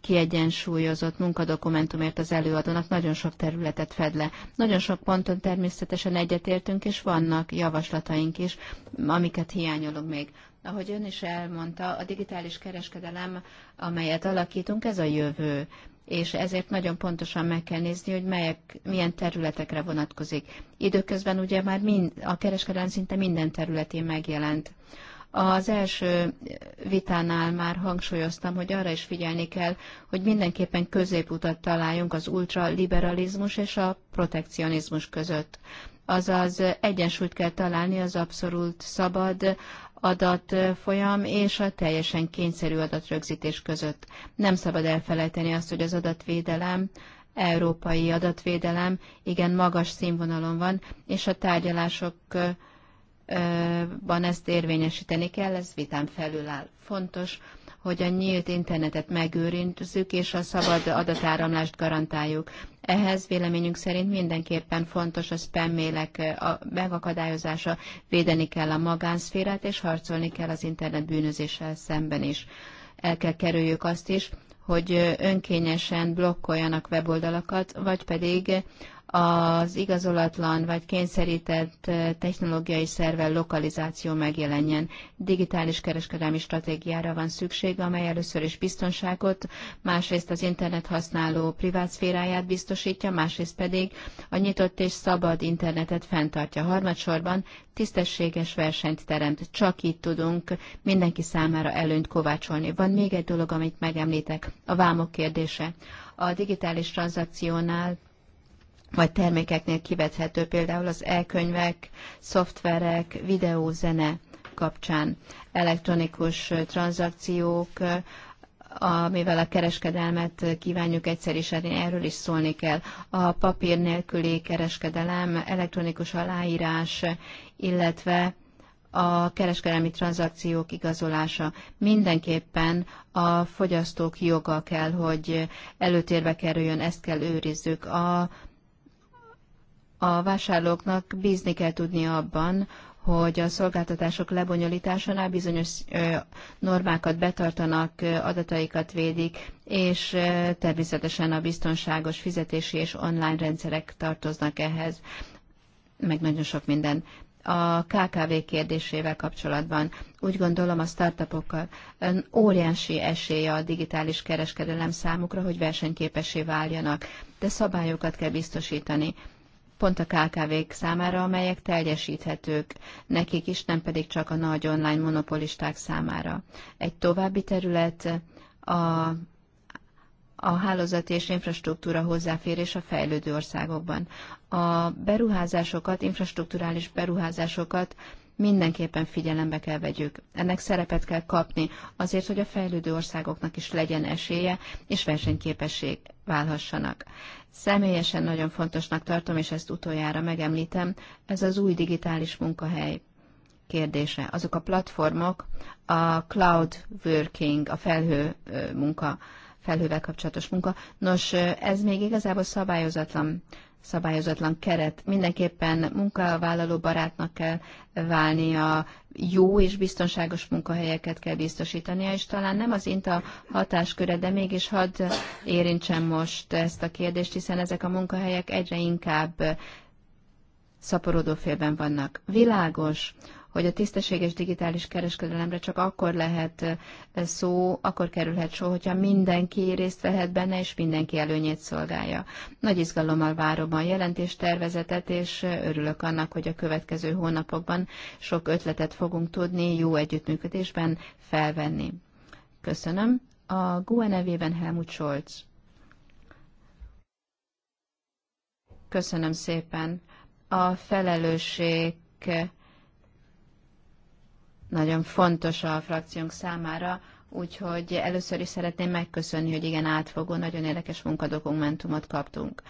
kiegyensúlyozott munkadokumentumért az előadónak nagyon sok területet fed le. Nagyon sok ponton természetesen egyetértünk, és vannak javaslataink is, amiket hiányolunk még. Ahogy ön is elmondta, a digitális kereskedelem, amelyet alakítunk, ez a jövő és ezért nagyon pontosan meg kell nézni, hogy melyek, milyen területekre vonatkozik. Időközben ugye már mind, a kereskedelem szinte minden területén megjelent. Az első vitánál már hangsúlyoztam, hogy arra is figyelni kell, hogy mindenképpen középutat találjunk az ultraliberalizmus és a protekcionizmus között azaz egyensúlyt kell találni az abszolút szabad, adatfolyam és a teljesen kényszerű adatrögzítés között. Nem szabad elfelejteni azt, hogy az adatvédelem, európai adatvédelem igen magas színvonalon van, és a tárgyalásokban ezt érvényesíteni kell, ez vitán felül áll. Fontos, hogy a nyílt internetet megőrintjük és a szabad adatáramlást garantáljuk. Ehhez véleményünk szerint mindenképpen fontos a spammélek megakadályozása, védeni kell a magánszférát, és harcolni kell az internet bűnözéssel szemben is. El kell kerüljük azt is, hogy önkényesen blokkoljanak weboldalakat, vagy pedig az igazolatlan vagy kényszerített technológiai szervel lokalizáció megjelenjen. Digitális kereskedelmi stratégiára van szükség, amely először is biztonságot, másrészt az internet használó privátszféráját biztosítja, másrészt pedig a nyitott és szabad internetet fenntartja. Harmadsorban tisztességes versenyt teremt. Csak így tudunk mindenki számára előnyt kovácsolni. Van még egy dolog, amit megemlítek, a vámok kérdése. A digitális tranzakciónál vagy termékeknél kivethető, például az e-könyvek, szoftverek, videózene kapcsán, elektronikus tranzakciók, amivel a kereskedelmet kívánjuk egyszerűsíteni, erről is szólni kell. A papír nélküli kereskedelem, elektronikus aláírás, illetve a kereskedelmi tranzakciók igazolása. Mindenképpen a fogyasztók joga kell, hogy előtérbe kerüljön, ezt kell őrizzük. A a vásárlóknak bízni kell tudni abban, hogy a szolgáltatások lebonyolításánál bizonyos normákat betartanak, adataikat védik, és természetesen a biztonságos fizetési és online rendszerek tartoznak ehhez, meg nagyon sok minden. A KKV kérdésével kapcsolatban úgy gondolom a startupokkal óriási esélye a digitális kereskedelem számukra, hogy versenyképessé váljanak, de szabályokat kell biztosítani pont a KKV-k számára, amelyek teljesíthetők, nekik is, nem pedig csak a nagy online monopolisták számára. Egy további terület a a hálózati és infrastruktúra hozzáférés a fejlődő országokban. A beruházásokat, infrastruktúrális beruházásokat mindenképpen figyelembe kell vegyük. Ennek szerepet kell kapni azért, hogy a fejlődő országoknak is legyen esélye, és versenyképesség válhassanak. Személyesen nagyon fontosnak tartom, és ezt utoljára megemlítem, ez az új digitális munkahely kérdése. Azok a platformok, a cloud working, a felhő munka, felhővel kapcsolatos munka. Nos, ez még igazából szabályozatlan szabályozatlan keret. Mindenképpen munkavállaló barátnak kell válni a jó és biztonságos munkahelyeket kell biztosítania, és talán nem az INTA hatásköre, de mégis hadd érintsem most ezt a kérdést, hiszen ezek a munkahelyek egyre inkább szaporodó félben vannak. Világos, hogy a tisztességes digitális kereskedelemre csak akkor lehet eh, szó, akkor kerülhet szó, hogyha mindenki részt vehet benne, és mindenki előnyét szolgálja. Nagy izgalommal várom a jelentéstervezetet, és eh, örülök annak, hogy a következő hónapokban sok ötletet fogunk tudni jó együttműködésben felvenni. Köszönöm. A GUE nevében Helmut Scholz. Köszönöm szépen. A felelősség nagyon fontos a frakciónk számára, úgyhogy először is szeretném megköszönni, hogy igen átfogó, nagyon érdekes munkadokumentumot kaptunk.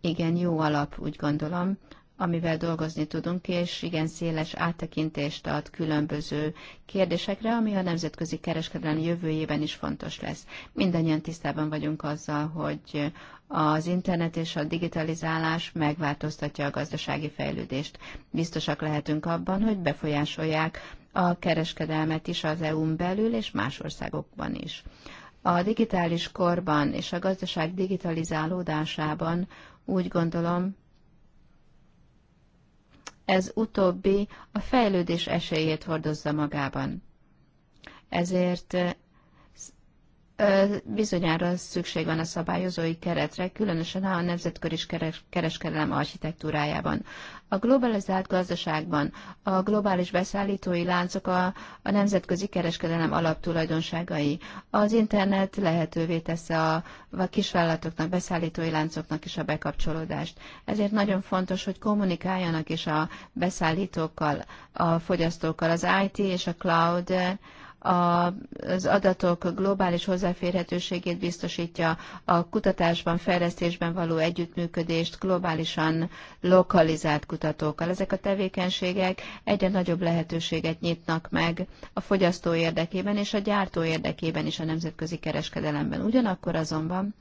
Igen, jó alap, úgy gondolom, amivel dolgozni tudunk, és igen széles áttekintést ad különböző kérdésekre, ami a nemzetközi kereskedelem jövőjében is fontos lesz. Mindannyian tisztában vagyunk azzal, hogy az internet és a digitalizálás megváltoztatja a gazdasági fejlődést. Biztosak lehetünk abban, hogy befolyásolják a kereskedelmet is az EU-n belül és más országokban is. A digitális korban és a gazdaság digitalizálódásában úgy gondolom, ez utóbbi a fejlődés esélyét hordozza magában. Ezért bizonyára szükség van a szabályozói keretre, különösen a nemzetközi kereskedelem architektúrájában. A globalizált gazdaságban a globális beszállítói láncok a, a nemzetközi kereskedelem alaptulajdonságai. Az internet lehetővé teszi a, a kisvállalatoknak, beszállítói láncoknak is a bekapcsolódást. Ezért nagyon fontos, hogy kommunikáljanak is a beszállítókkal, a fogyasztókkal. Az IT és a cloud az adatok globális hozzáférhetőségét biztosítja, a kutatásban, fejlesztésben való együttműködést globálisan lokalizált kutatókkal. Ezek a tevékenységek egyre nagyobb lehetőséget nyitnak meg a fogyasztó érdekében és a gyártó érdekében is a nemzetközi kereskedelemben. Ugyanakkor azonban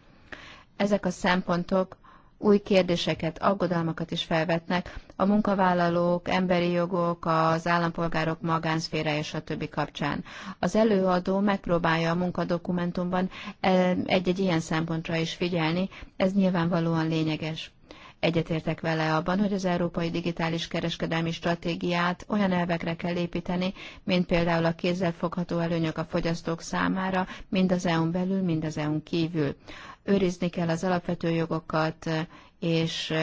ezek a szempontok új kérdéseket, aggodalmakat is felvetnek a munkavállalók, emberi jogok, az állampolgárok magánszféra és a többi kapcsán. Az előadó megpróbálja a munkadokumentumban eh, egy-egy ilyen szempontra is figyelni, ez nyilvánvalóan lényeges. Egyetértek vele abban, hogy az európai digitális kereskedelmi stratégiát olyan elvekre kell építeni, mint például a kézzelfogható előnyök a fogyasztók számára, mind az EU-n belül, mind az EU-n kívül. Őrizni kell az alapvető jogokat, és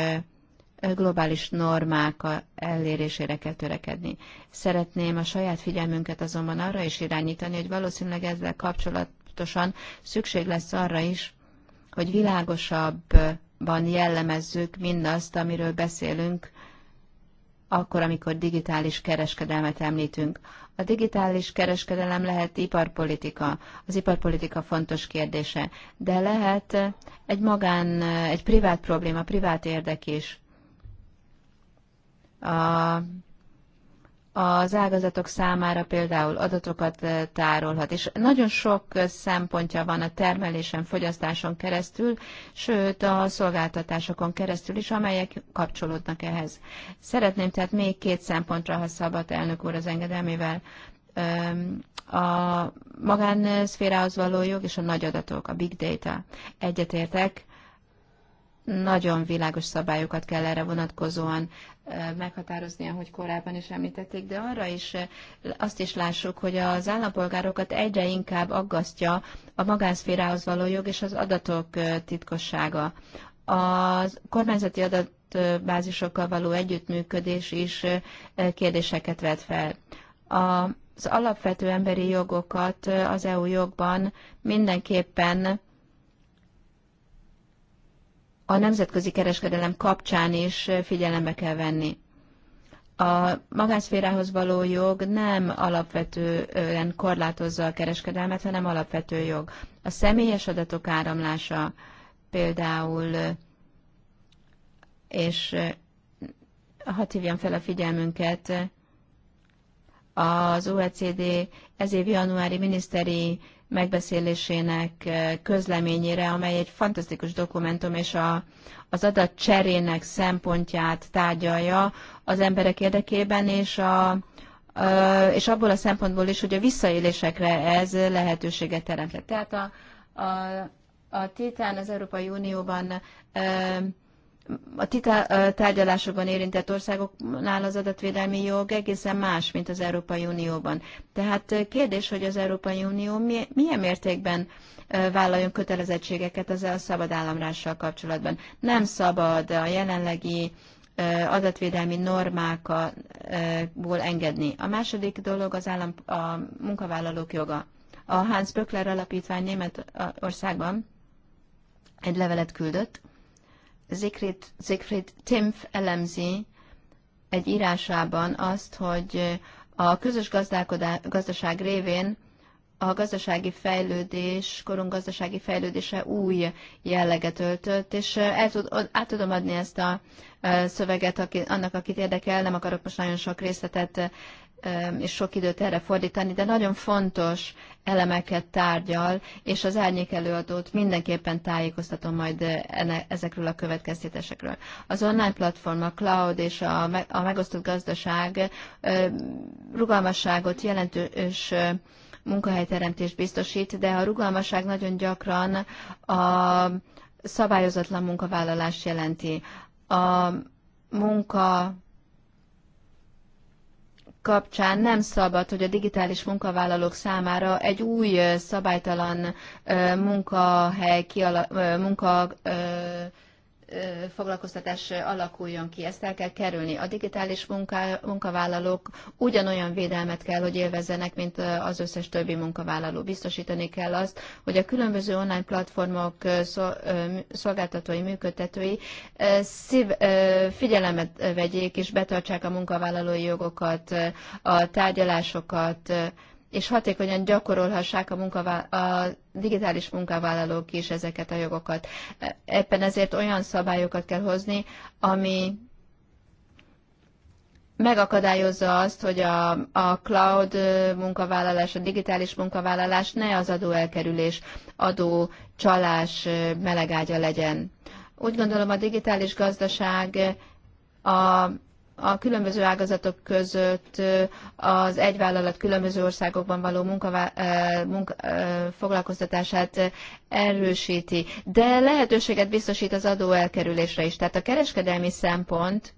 globális normák elérésére kell törekedni. Szeretném a saját figyelmünket azonban arra is irányítani, hogy valószínűleg ezzel kapcsolatosan szükség lesz arra is, hogy világosabban jellemezzük mindazt, amiről beszélünk, akkor, amikor digitális kereskedelmet említünk. A digitális kereskedelem lehet iparpolitika, az iparpolitika fontos kérdése, de lehet egy magán, egy privát probléma, privát érdek is. A az ágazatok számára például adatokat tárolhat, és nagyon sok szempontja van a termelésen, fogyasztáson keresztül, sőt a szolgáltatásokon keresztül is, amelyek kapcsolódnak ehhez. Szeretném tehát még két szempontra, ha szabad elnök úr az engedelmével, a magánszférához való jog és a nagy adatok, a big data. Egyetértek, nagyon világos szabályokat kell erre vonatkozóan meghatározni, ahogy korábban is említették, de arra is azt is lássuk, hogy az állampolgárokat egyre inkább aggasztja a magánszférához való jog és az adatok titkossága. A kormányzati adatbázisokkal való együttműködés is kérdéseket vet fel. Az alapvető emberi jogokat az EU jogban mindenképpen a nemzetközi kereskedelem kapcsán is figyelembe kell venni. A magánszférához való jog nem alapvetően korlátozza a kereskedelmet, hanem alapvető jog. A személyes adatok áramlása például, és hadd hívjam fel a figyelmünket, az OECD ez év januári miniszteri megbeszélésének eh, közleményére, amely egy fantasztikus dokumentum, és a, az adatcserének szempontját tárgyalja az emberek érdekében, és a, eh, és abból a szempontból is, hogy a visszaélésekre ez lehetőséget teremtett. Tehát a, a, a Titán az Európai Unióban eh, a tita tárgyalásokban érintett országoknál az adatvédelmi jog egészen más, mint az Európai Unióban. Tehát kérdés, hogy az Európai Unió milyen mértékben vállaljon kötelezettségeket az a szabad államrással kapcsolatban. Nem szabad a jelenlegi adatvédelmi normákból engedni. A második dolog az állam, a munkavállalók joga. A Hans Böckler Alapítvány Németországban egy levelet küldött, Siegfried, Siegfried Timpf elemzi egy írásában azt, hogy a közös gazdaság révén a gazdasági fejlődés, korunk gazdasági fejlődése új jelleget öltött, és el tud, át tudom adni ezt a szöveget aki, annak, akit érdekel, nem akarok most nagyon sok részletet és sok időt erre fordítani, de nagyon fontos elemeket tárgyal, és az árnyék előadót mindenképpen tájékoztatom majd eh, ezekről a következtetésekről. Az online platform, a cloud és a megosztott gazdaság rugalmasságot jelentős eh, munkahelyteremtést biztosít, de a rugalmasság nagyon gyakran a szabályozatlan munkavállalás jelenti. A munka kapcsán nem szabad, hogy a digitális munkavállalók számára egy új szabálytalan munkahely, kiala, munka foglalkoztatás alakuljon ki. Ezt el kell kerülni. A digitális munka, munkavállalók ugyanolyan védelmet kell, hogy élvezzenek, mint az összes többi munkavállaló. Biztosítani kell azt, hogy a különböző online platformok szolgáltatói, működtetői szív, figyelemet vegyék és betartsák a munkavállalói jogokat, a tárgyalásokat, és hatékonyan gyakorolhassák a, munkavá- a digitális munkavállalók is ezeket a jogokat. Éppen ezért olyan szabályokat kell hozni, ami megakadályozza azt, hogy a, a cloud munkavállalás, a digitális munkavállalás ne az adóelkerülés, adó csalás melegágya legyen. Úgy gondolom a digitális gazdaság a a különböző ágazatok között az egyvállalat különböző országokban való munka, munka, foglalkoztatását erősíti, de lehetőséget biztosít az adó elkerülésre is. Tehát a kereskedelmi szempont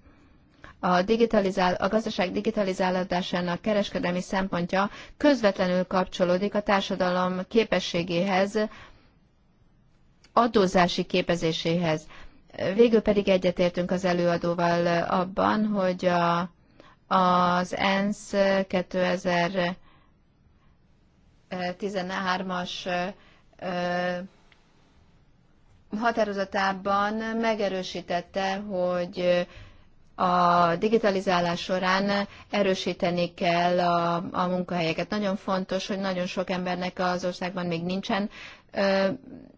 a, digitalizál, a gazdaság digitalizálódásának kereskedelmi szempontja közvetlenül kapcsolódik a társadalom képességéhez, adózási képezéséhez. Végül pedig egyetértünk az előadóval abban, hogy a, az ENSZ 2013-as határozatában megerősítette, hogy a digitalizálás során erősíteni kell a, a munkahelyeket. Nagyon fontos, hogy nagyon sok embernek az országban még nincsen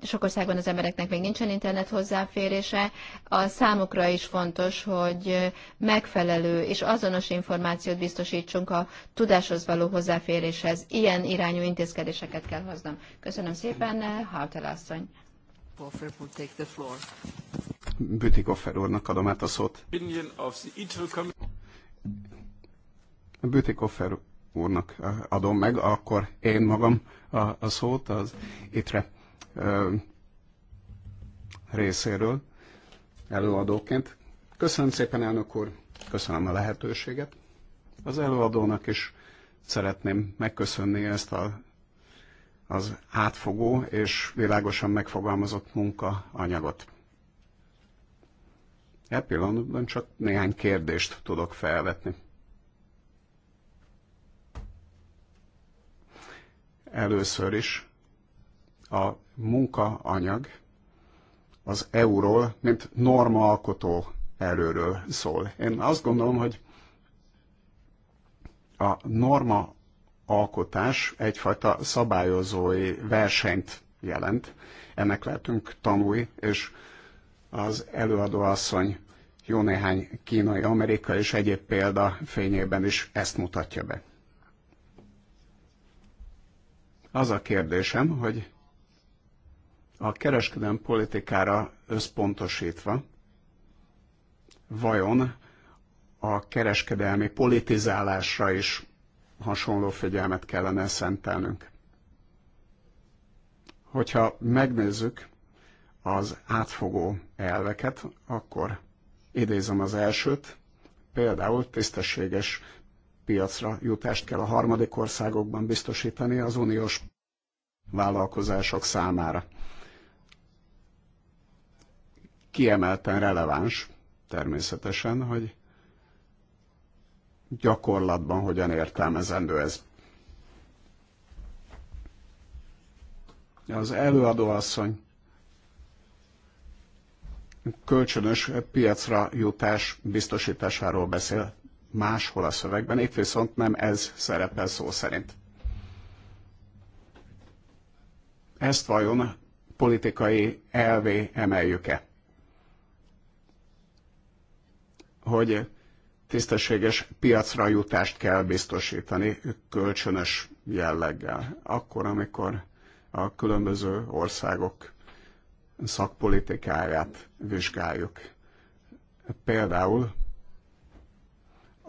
sok országban az embereknek még nincsen internet hozzáférése, a számukra is fontos, hogy megfelelő és azonos információt biztosítsunk a tudáshoz való hozzáféréshez. Ilyen irányú intézkedéseket kell hoznom. Köszönöm szépen, Hautel asszony. Bütikoffer úrnak adom át a szót. Bütikoffer úrnak adom meg, akkor én magam a, a szót az ITRE ö, részéről előadóként. Köszönöm szépen, elnök úr, köszönöm a lehetőséget. Az előadónak is szeretném megköszönni ezt a, az átfogó és világosan megfogalmazott munka anyagot. E pillanatban csak néhány kérdést tudok felvetni. Először is a munkaanyag az EU-ról, mint normaalkotó erőről szól. Én azt gondolom, hogy a norma alkotás egyfajta szabályozói versenyt jelent. Ennek lehetünk tanulni, és az előadóasszony jó néhány kínai, amerikai és egyéb példa fényében is ezt mutatja be. Az a kérdésem, hogy a kereskedelmi politikára összpontosítva, vajon a kereskedelmi politizálásra is hasonló figyelmet kellene szentelnünk. Hogyha megnézzük az átfogó elveket, akkor idézem az elsőt, például tisztességes piacra jutást kell a harmadik országokban biztosítani az uniós vállalkozások számára. Kiemelten releváns természetesen, hogy gyakorlatban hogyan értelmezendő ez. Az előadó asszony kölcsönös piacra jutás biztosításáról beszél máshol a szövegben, itt viszont nem ez szerepel szó szerint. Ezt vajon politikai elvé emeljük-e? Hogy tisztességes piacra jutást kell biztosítani kölcsönös jelleggel. Akkor, amikor a különböző országok szakpolitikáját vizsgáljuk. Például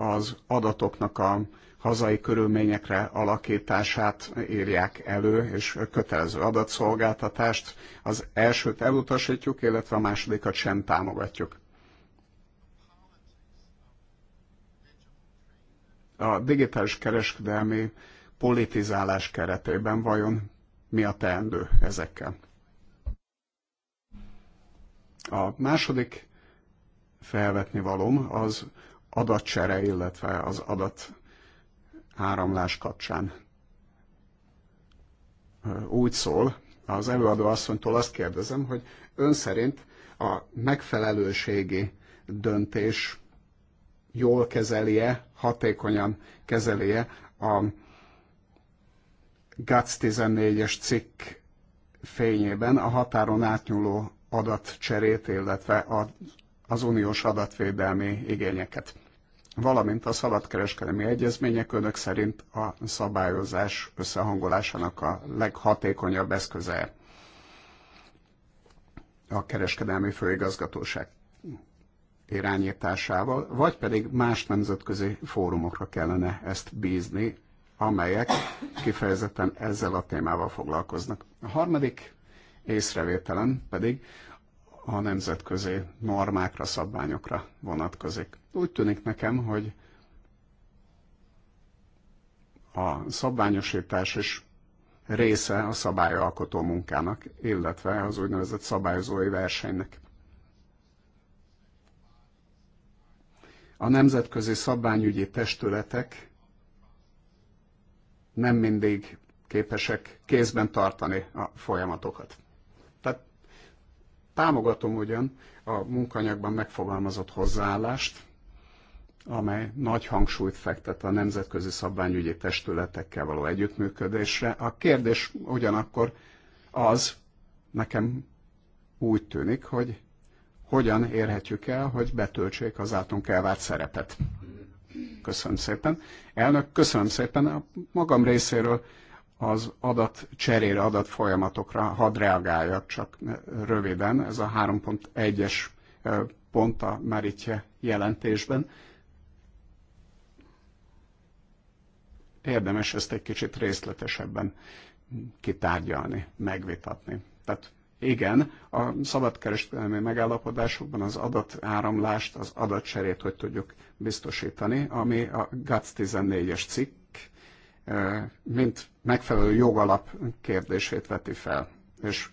az adatoknak a hazai körülményekre alakítását írják elő, és kötelező adatszolgáltatást. Az elsőt elutasítjuk, illetve a másodikat sem támogatjuk. A digitális kereskedelmi politizálás keretében vajon mi a teendő ezekkel? A második felvetni valóm az adatcsere, illetve az adat áramlás kapcsán. Úgy szól, az előadó asszonytól azt kérdezem, hogy ön szerint a megfelelőségi döntés jól kezelje, hatékonyan kezelje a GATS 14-es cikk fényében a határon átnyúló adatcserét, illetve az uniós adatvédelmi igényeket valamint a szabadkereskedelmi egyezmények önök szerint a szabályozás összehangolásának a leghatékonyabb eszköze a kereskedelmi főigazgatóság irányításával, vagy pedig más nemzetközi fórumokra kellene ezt bízni, amelyek kifejezetten ezzel a témával foglalkoznak. A harmadik észrevételen pedig a nemzetközi normákra, szabványokra vonatkozik. Úgy tűnik nekem, hogy a szabványosítás is része a szabályalkotó munkának, illetve az úgynevezett szabályozói versenynek. A nemzetközi szabványügyi testületek nem mindig képesek kézben tartani a folyamatokat. Támogatom ugyan a munkanyagban megfogalmazott hozzáállást, amely nagy hangsúlyt fektet a nemzetközi szabványügyi testületekkel való együttműködésre. A kérdés ugyanakkor az, nekem úgy tűnik, hogy hogyan érhetjük el, hogy betöltsék az általunk elvárt szerepet. Köszönöm szépen. Elnök, köszönöm szépen. A magam részéről az adat cserére, adat folyamatokra hadd reagáljak csak röviden. Ez a 3.1-es pont a Meritje jelentésben. Érdemes ezt egy kicsit részletesebben kitárgyalni, megvitatni. Tehát igen, a szabadkereskedelmi megállapodásokban az adatáramlást, az adatcserét hogy tudjuk biztosítani, ami a GATS 14-es cikk, mint megfelelő jogalap kérdését veti fel. És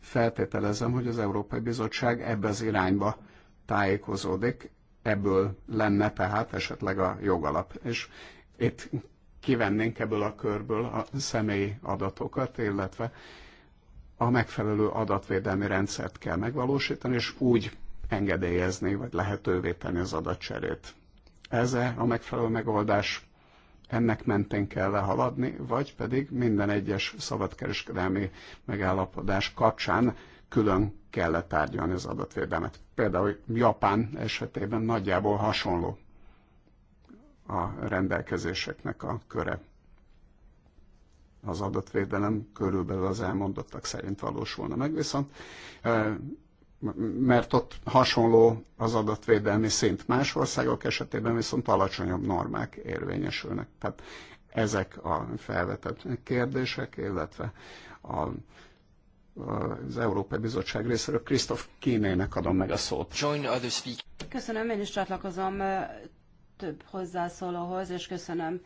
feltételezem, hogy az Európai Bizottság ebbe az irányba tájékozódik, ebből lenne tehát esetleg a jogalap. És itt kivennénk ebből a körből a személyi adatokat, illetve a megfelelő adatvédelmi rendszert kell megvalósítani, és úgy engedélyezni, vagy lehetővé tenni az adatcserét. Ez -e a megfelelő megoldás? ennek mentén kell lehaladni, vagy pedig minden egyes szabadkereskedelmi megállapodás kapcsán külön kellett tárgyalni az adatvédelmet. Például Japán esetében nagyjából hasonló a rendelkezéseknek a köre. Az adatvédelem körülbelül az elmondottak szerint valósulna meg, viszont mert ott hasonló az adatvédelmi szint. Más országok esetében viszont alacsonyabb normák érvényesülnek. Tehát ezek a felvetett kérdések, illetve a, az Európai Bizottság részéről Krisztof Kínének adom meg a szót. Köszönöm, én is csatlakozom több hozzászólóhoz, és köszönöm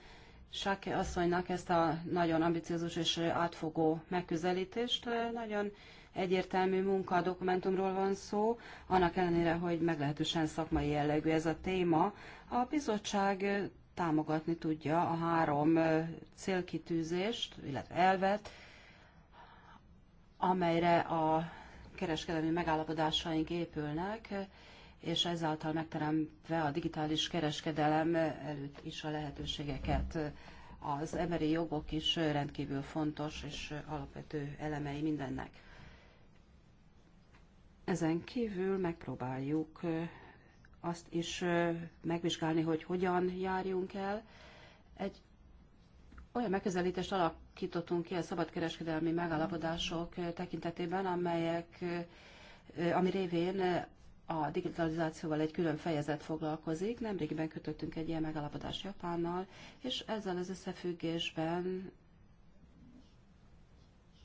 Sáke asszonynak ezt a nagyon ambiciózus és átfogó megközelítést. Nagyon egyértelmű munka a dokumentumról van szó, annak ellenére, hogy meglehetősen szakmai jellegű ez a téma. A bizottság támogatni tudja a három célkitűzést, illetve elvet, amelyre a kereskedelmi megállapodásaink épülnek, és ezáltal megteremtve a digitális kereskedelem előtt is a lehetőségeket. Az emberi jogok is rendkívül fontos és alapvető elemei mindennek. Ezen kívül megpróbáljuk azt is megvizsgálni, hogy hogyan járjunk el. Egy olyan megközelítést alakítottunk ki a szabadkereskedelmi megállapodások tekintetében, amelyek, ami révén a digitalizációval egy külön fejezet foglalkozik. Nemrégiben kötöttünk egy ilyen megállapodást Japánnal, és ezzel az összefüggésben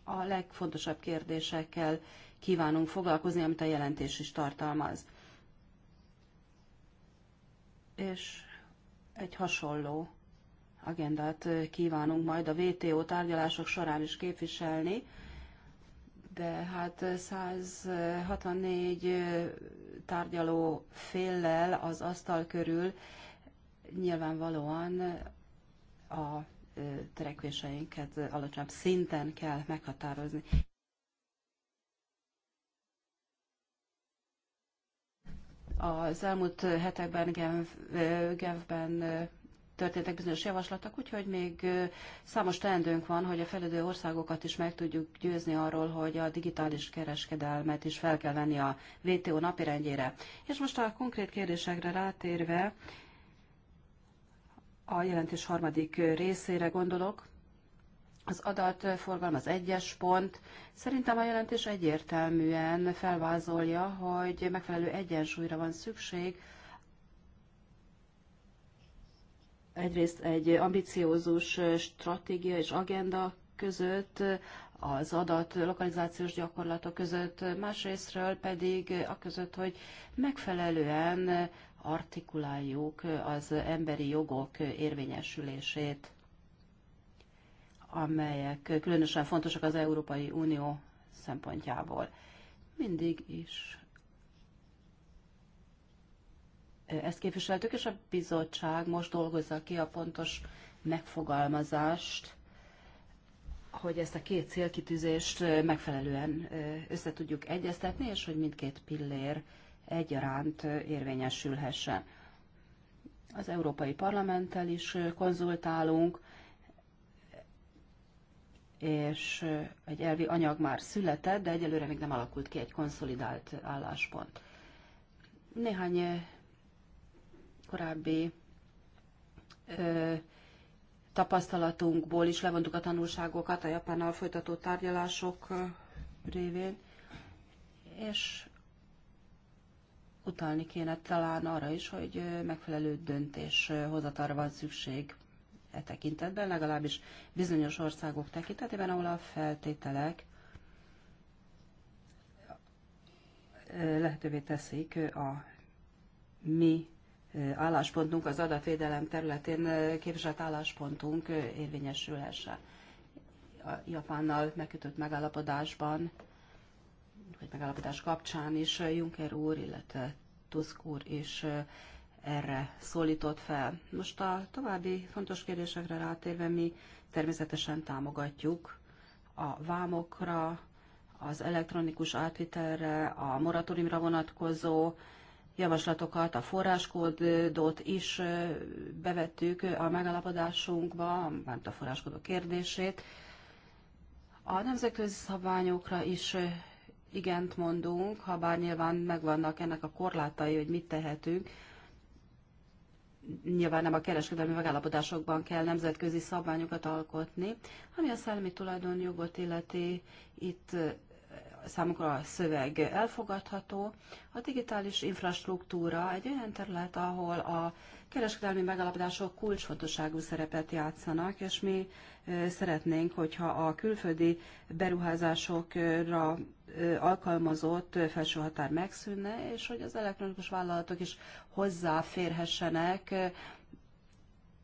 a legfontosabb kérdésekkel kívánunk foglalkozni, amit a jelentés is tartalmaz. És egy hasonló agendát kívánunk majd a WTO tárgyalások során is képviselni, de hát 164 tárgyaló féllel az asztal körül nyilvánvalóan a törekvéseinket alacsonyabb szinten kell meghatározni. Az elmúlt hetekben Genf, Genfben történtek bizonyos javaslatok, úgyhogy még számos teendőnk van, hogy a felelő országokat is meg tudjuk győzni arról, hogy a digitális kereskedelmet is fel kell venni a WTO napirendjére. És most a konkrét kérdésekre rátérve, a jelentés harmadik részére gondolok, az adatforgalom az egyes pont. Szerintem a jelentés egyértelműen felvázolja, hogy megfelelő egyensúlyra van szükség egyrészt egy ambiciózus stratégia és agenda között, az adat lokalizációs gyakorlatok között, másrésztről pedig a között, hogy megfelelően artikuláljuk az emberi jogok érvényesülését, amelyek különösen fontosak az Európai Unió szempontjából. Mindig is ezt képviseltük, és a bizottság most dolgozza ki a pontos megfogalmazást, hogy ezt a két célkitűzést megfelelően össze tudjuk egyeztetni, és hogy mindkét pillér egyaránt érvényesülhessen. Az Európai Parlamenttel is konzultálunk, és egy elvi anyag már született, de egyelőre még nem alakult ki egy konszolidált álláspont. Néhány korábbi ö, tapasztalatunkból is levontuk a tanulságokat a Japánnal folytatott tárgyalások révén, és utalni kéne talán arra is, hogy megfelelő döntés hozatára van szükség e tekintetben, legalábbis bizonyos országok tekintetében, ahol a feltételek lehetővé teszik a mi álláspontunk az adatvédelem területén képviselt álláspontunk érvényesülhesse. A Japánnal megkötött megállapodásban, vagy megállapodás kapcsán is Juncker úr, illetve Tusk úr is erre szólított fel. Most a további fontos kérdésekre rátérve mi természetesen támogatjuk a vámokra, az elektronikus átvitelre, a moratóriumra vonatkozó javaslatokat, a forráskódot is bevettük a megalapodásunkba, mert a forráskodó kérdését. A nemzetközi szabványokra is igent mondunk, ha bár nyilván megvannak ennek a korlátai, hogy mit tehetünk. Nyilván nem a kereskedelmi megállapodásokban kell nemzetközi szabványokat alkotni. Ami a szellemi tulajdonjogot illeti, itt számukra a szöveg elfogadható. A digitális infrastruktúra egy olyan terület, ahol a kereskedelmi megalapodások kulcsfontosságú szerepet játszanak, és mi szeretnénk, hogyha a külföldi beruházásokra alkalmazott felső határ megszűnne, és hogy az elektronikus vállalatok is hozzáférhessenek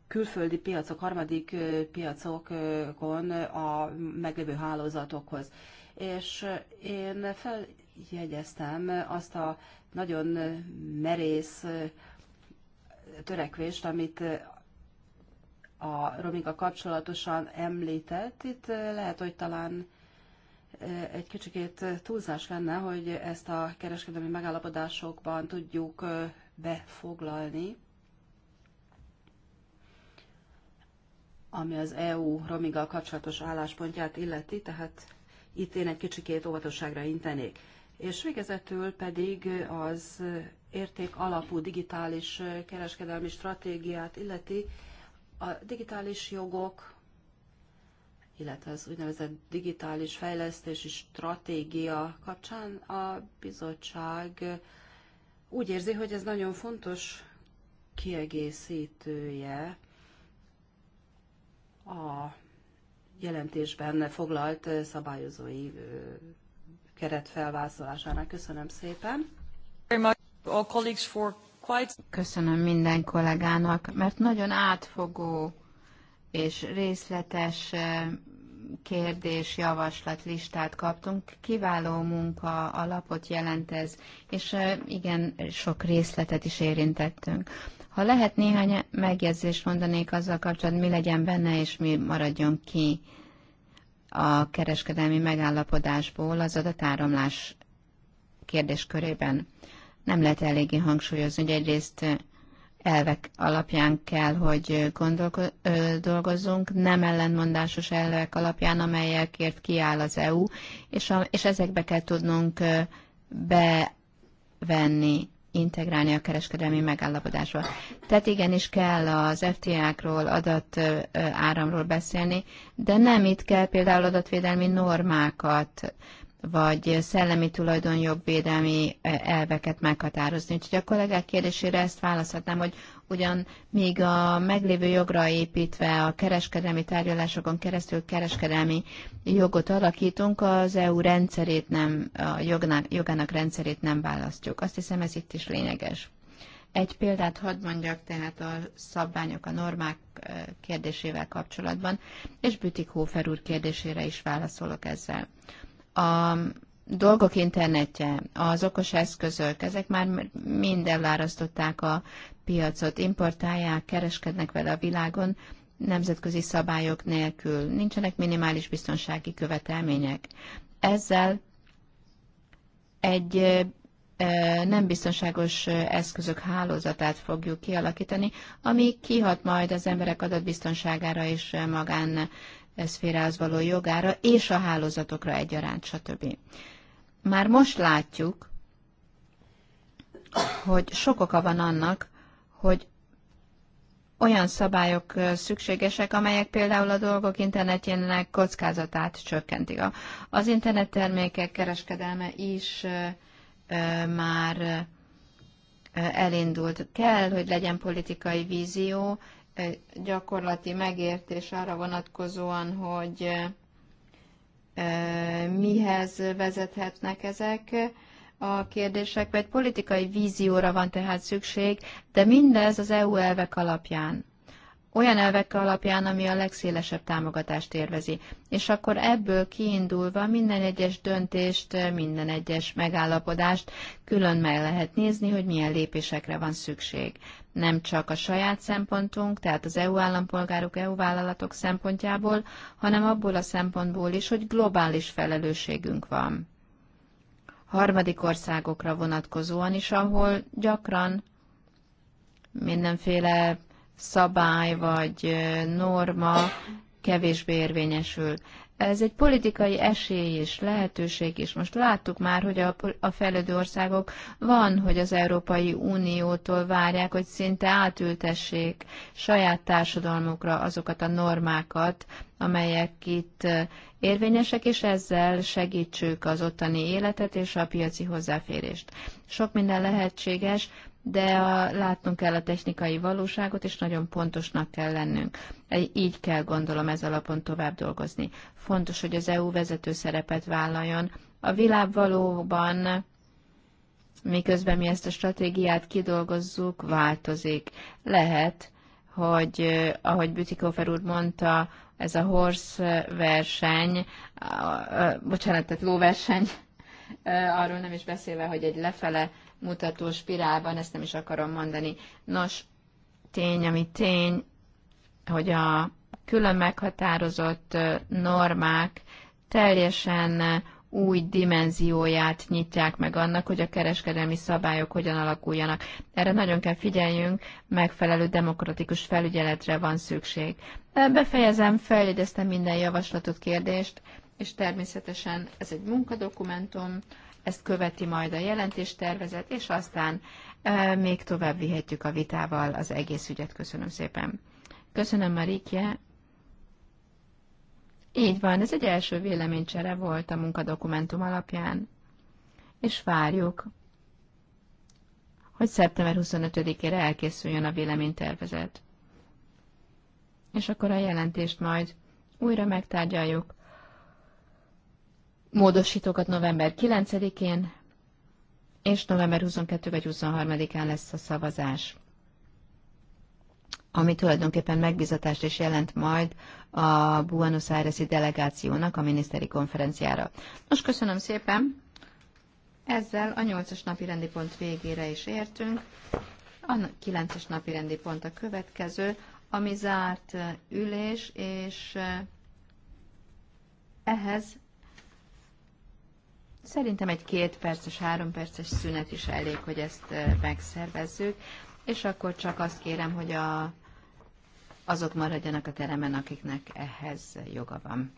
külföldi piacok, harmadik piacokon a meglévő hálózatokhoz és én feljegyeztem azt a nagyon merész törekvést, amit a Rominka kapcsolatosan említett. Itt lehet, hogy talán egy kicsikét túlzás lenne, hogy ezt a kereskedelmi megállapodásokban tudjuk befoglalni, ami az EU romiga kapcsolatos álláspontját illeti, tehát itt én egy kicsikét óvatosságra intenék. És végezetül pedig az érték alapú digitális kereskedelmi stratégiát illeti a digitális jogok, illetve az úgynevezett digitális fejlesztési stratégia kapcsán a bizottság úgy érzi, hogy ez nagyon fontos kiegészítője a jelentésben foglalt szabályozói keret felvázolásának. Köszönöm szépen. Köszönöm minden kollégának, mert nagyon átfogó és részletes kérdés, javaslat listát kaptunk. Kiváló munka, alapot jelentez, jelent ez, és igen, sok részletet is érintettünk. Ha lehet, néhány megjegyzést mondanék azzal kapcsolatban, mi legyen benne és mi maradjon ki a kereskedelmi megállapodásból az adatáramlás kérdéskörében. Nem lehet eléggé hangsúlyozni, hogy egyrészt elvek alapján kell, hogy dolgozzunk, nem ellenmondásos elvek alapján, amelyekért kiáll az EU, és, a, és ezekbe kell tudnunk bevenni integrálni a kereskedelmi megállapodásba. Tehát igenis kell az FTA-król, adatáramról beszélni, de nem itt kell például adatvédelmi normákat, vagy szellemi tulajdonjog védelmi elveket meghatározni. Úgyhogy a kollégák kérdésére ezt választhatnám, hogy ugyan még a meglévő jogra építve a kereskedelmi tárgyalásokon keresztül kereskedelmi jogot alakítunk, az EU rendszerét nem, a jognak, jogának rendszerét nem választjuk. Azt hiszem ez itt is lényeges. Egy példát hadd mondjak tehát a szabványok, a normák kérdésével kapcsolatban, és Bütik Hófer úr kérdésére is válaszolok ezzel. A dolgok internetje, az okos eszközök, ezek már mind elárasztották a piacot, importálják, kereskednek vele a világon, nemzetközi szabályok nélkül, nincsenek minimális biztonsági követelmények. Ezzel egy nem biztonságos eszközök hálózatát fogjuk kialakítani, ami kihat majd az emberek adatbiztonságára és magán szférához való jogára, és a hálózatokra egyaránt, stb. Már most látjuk, hogy sok oka van annak, hogy olyan szabályok szükségesek, amelyek például a dolgok internetjének kockázatát csökkentik. Az internettermékek kereskedelme is már elindult. Kell, hogy legyen politikai vízió, gyakorlati megértés arra vonatkozóan, hogy mihez vezethetnek ezek, a kérdésekbe. Egy politikai vízióra van tehát szükség, de mindez az EU elvek alapján. Olyan elvek alapján, ami a legszélesebb támogatást érvezi. És akkor ebből kiindulva minden egyes döntést, minden egyes megállapodást külön meg lehet nézni, hogy milyen lépésekre van szükség. Nem csak a saját szempontunk, tehát az EU állampolgárok, EU vállalatok szempontjából, hanem abból a szempontból is, hogy globális felelősségünk van harmadik országokra vonatkozóan is, ahol gyakran mindenféle szabály vagy norma kevésbé érvényesül ez egy politikai esély és lehetőség is. Most láttuk már, hogy a, a fejlődő országok van, hogy az Európai Uniótól várják, hogy szinte átültessék saját társadalmukra azokat a normákat, amelyek itt érvényesek, és ezzel segítsük az ottani életet és a piaci hozzáférést. Sok minden lehetséges, de a, látnunk kell a technikai valóságot, és nagyon pontosnak kell lennünk. Így kell gondolom ez alapon tovább dolgozni. Fontos, hogy az EU vezető szerepet vállaljon. A világ valóban miközben mi ezt a stratégiát kidolgozzuk, változik. Lehet, hogy ahogy Bütikofer úr mondta, ez a horse verseny, a, a, bocsánat, tehát lóverseny, arról nem is beszélve, hogy egy lefele mutató spirálban, ezt nem is akarom mondani. Nos, tény, ami tény, hogy a külön meghatározott normák teljesen új dimenzióját nyitják meg annak, hogy a kereskedelmi szabályok hogyan alakuljanak. Erre nagyon kell figyeljünk, megfelelő demokratikus felügyeletre van szükség. Befejezem, feljegyeztem minden javaslatot, kérdést, és természetesen ez egy munkadokumentum, ezt követi majd a jelentéstervezet, és aztán még tovább vihetjük a vitával az egész ügyet. Köszönöm szépen. Köszönöm, Marikje. Így van, ez egy első véleménycsere volt a munkadokumentum alapján, és várjuk, hogy szeptember 25-ére elkészüljön a véleménytervezet. És akkor a jelentést majd újra megtárgyaljuk módosítókat november 9-én, és november 22 vagy 23-án lesz a szavazás, ami tulajdonképpen megbizatást is jelent majd a Buenos Aires-i delegációnak a miniszteri konferenciára. Most köszönöm szépen! Ezzel a 8-as napi rendi pont végére is értünk. A 9-es napi rendi pont a következő, ami zárt ülés, és ehhez Szerintem egy két perces, három perces szünet is elég, hogy ezt megszervezzük, és akkor csak azt kérem, hogy a, azok maradjanak a teremen, akiknek ehhez joga van.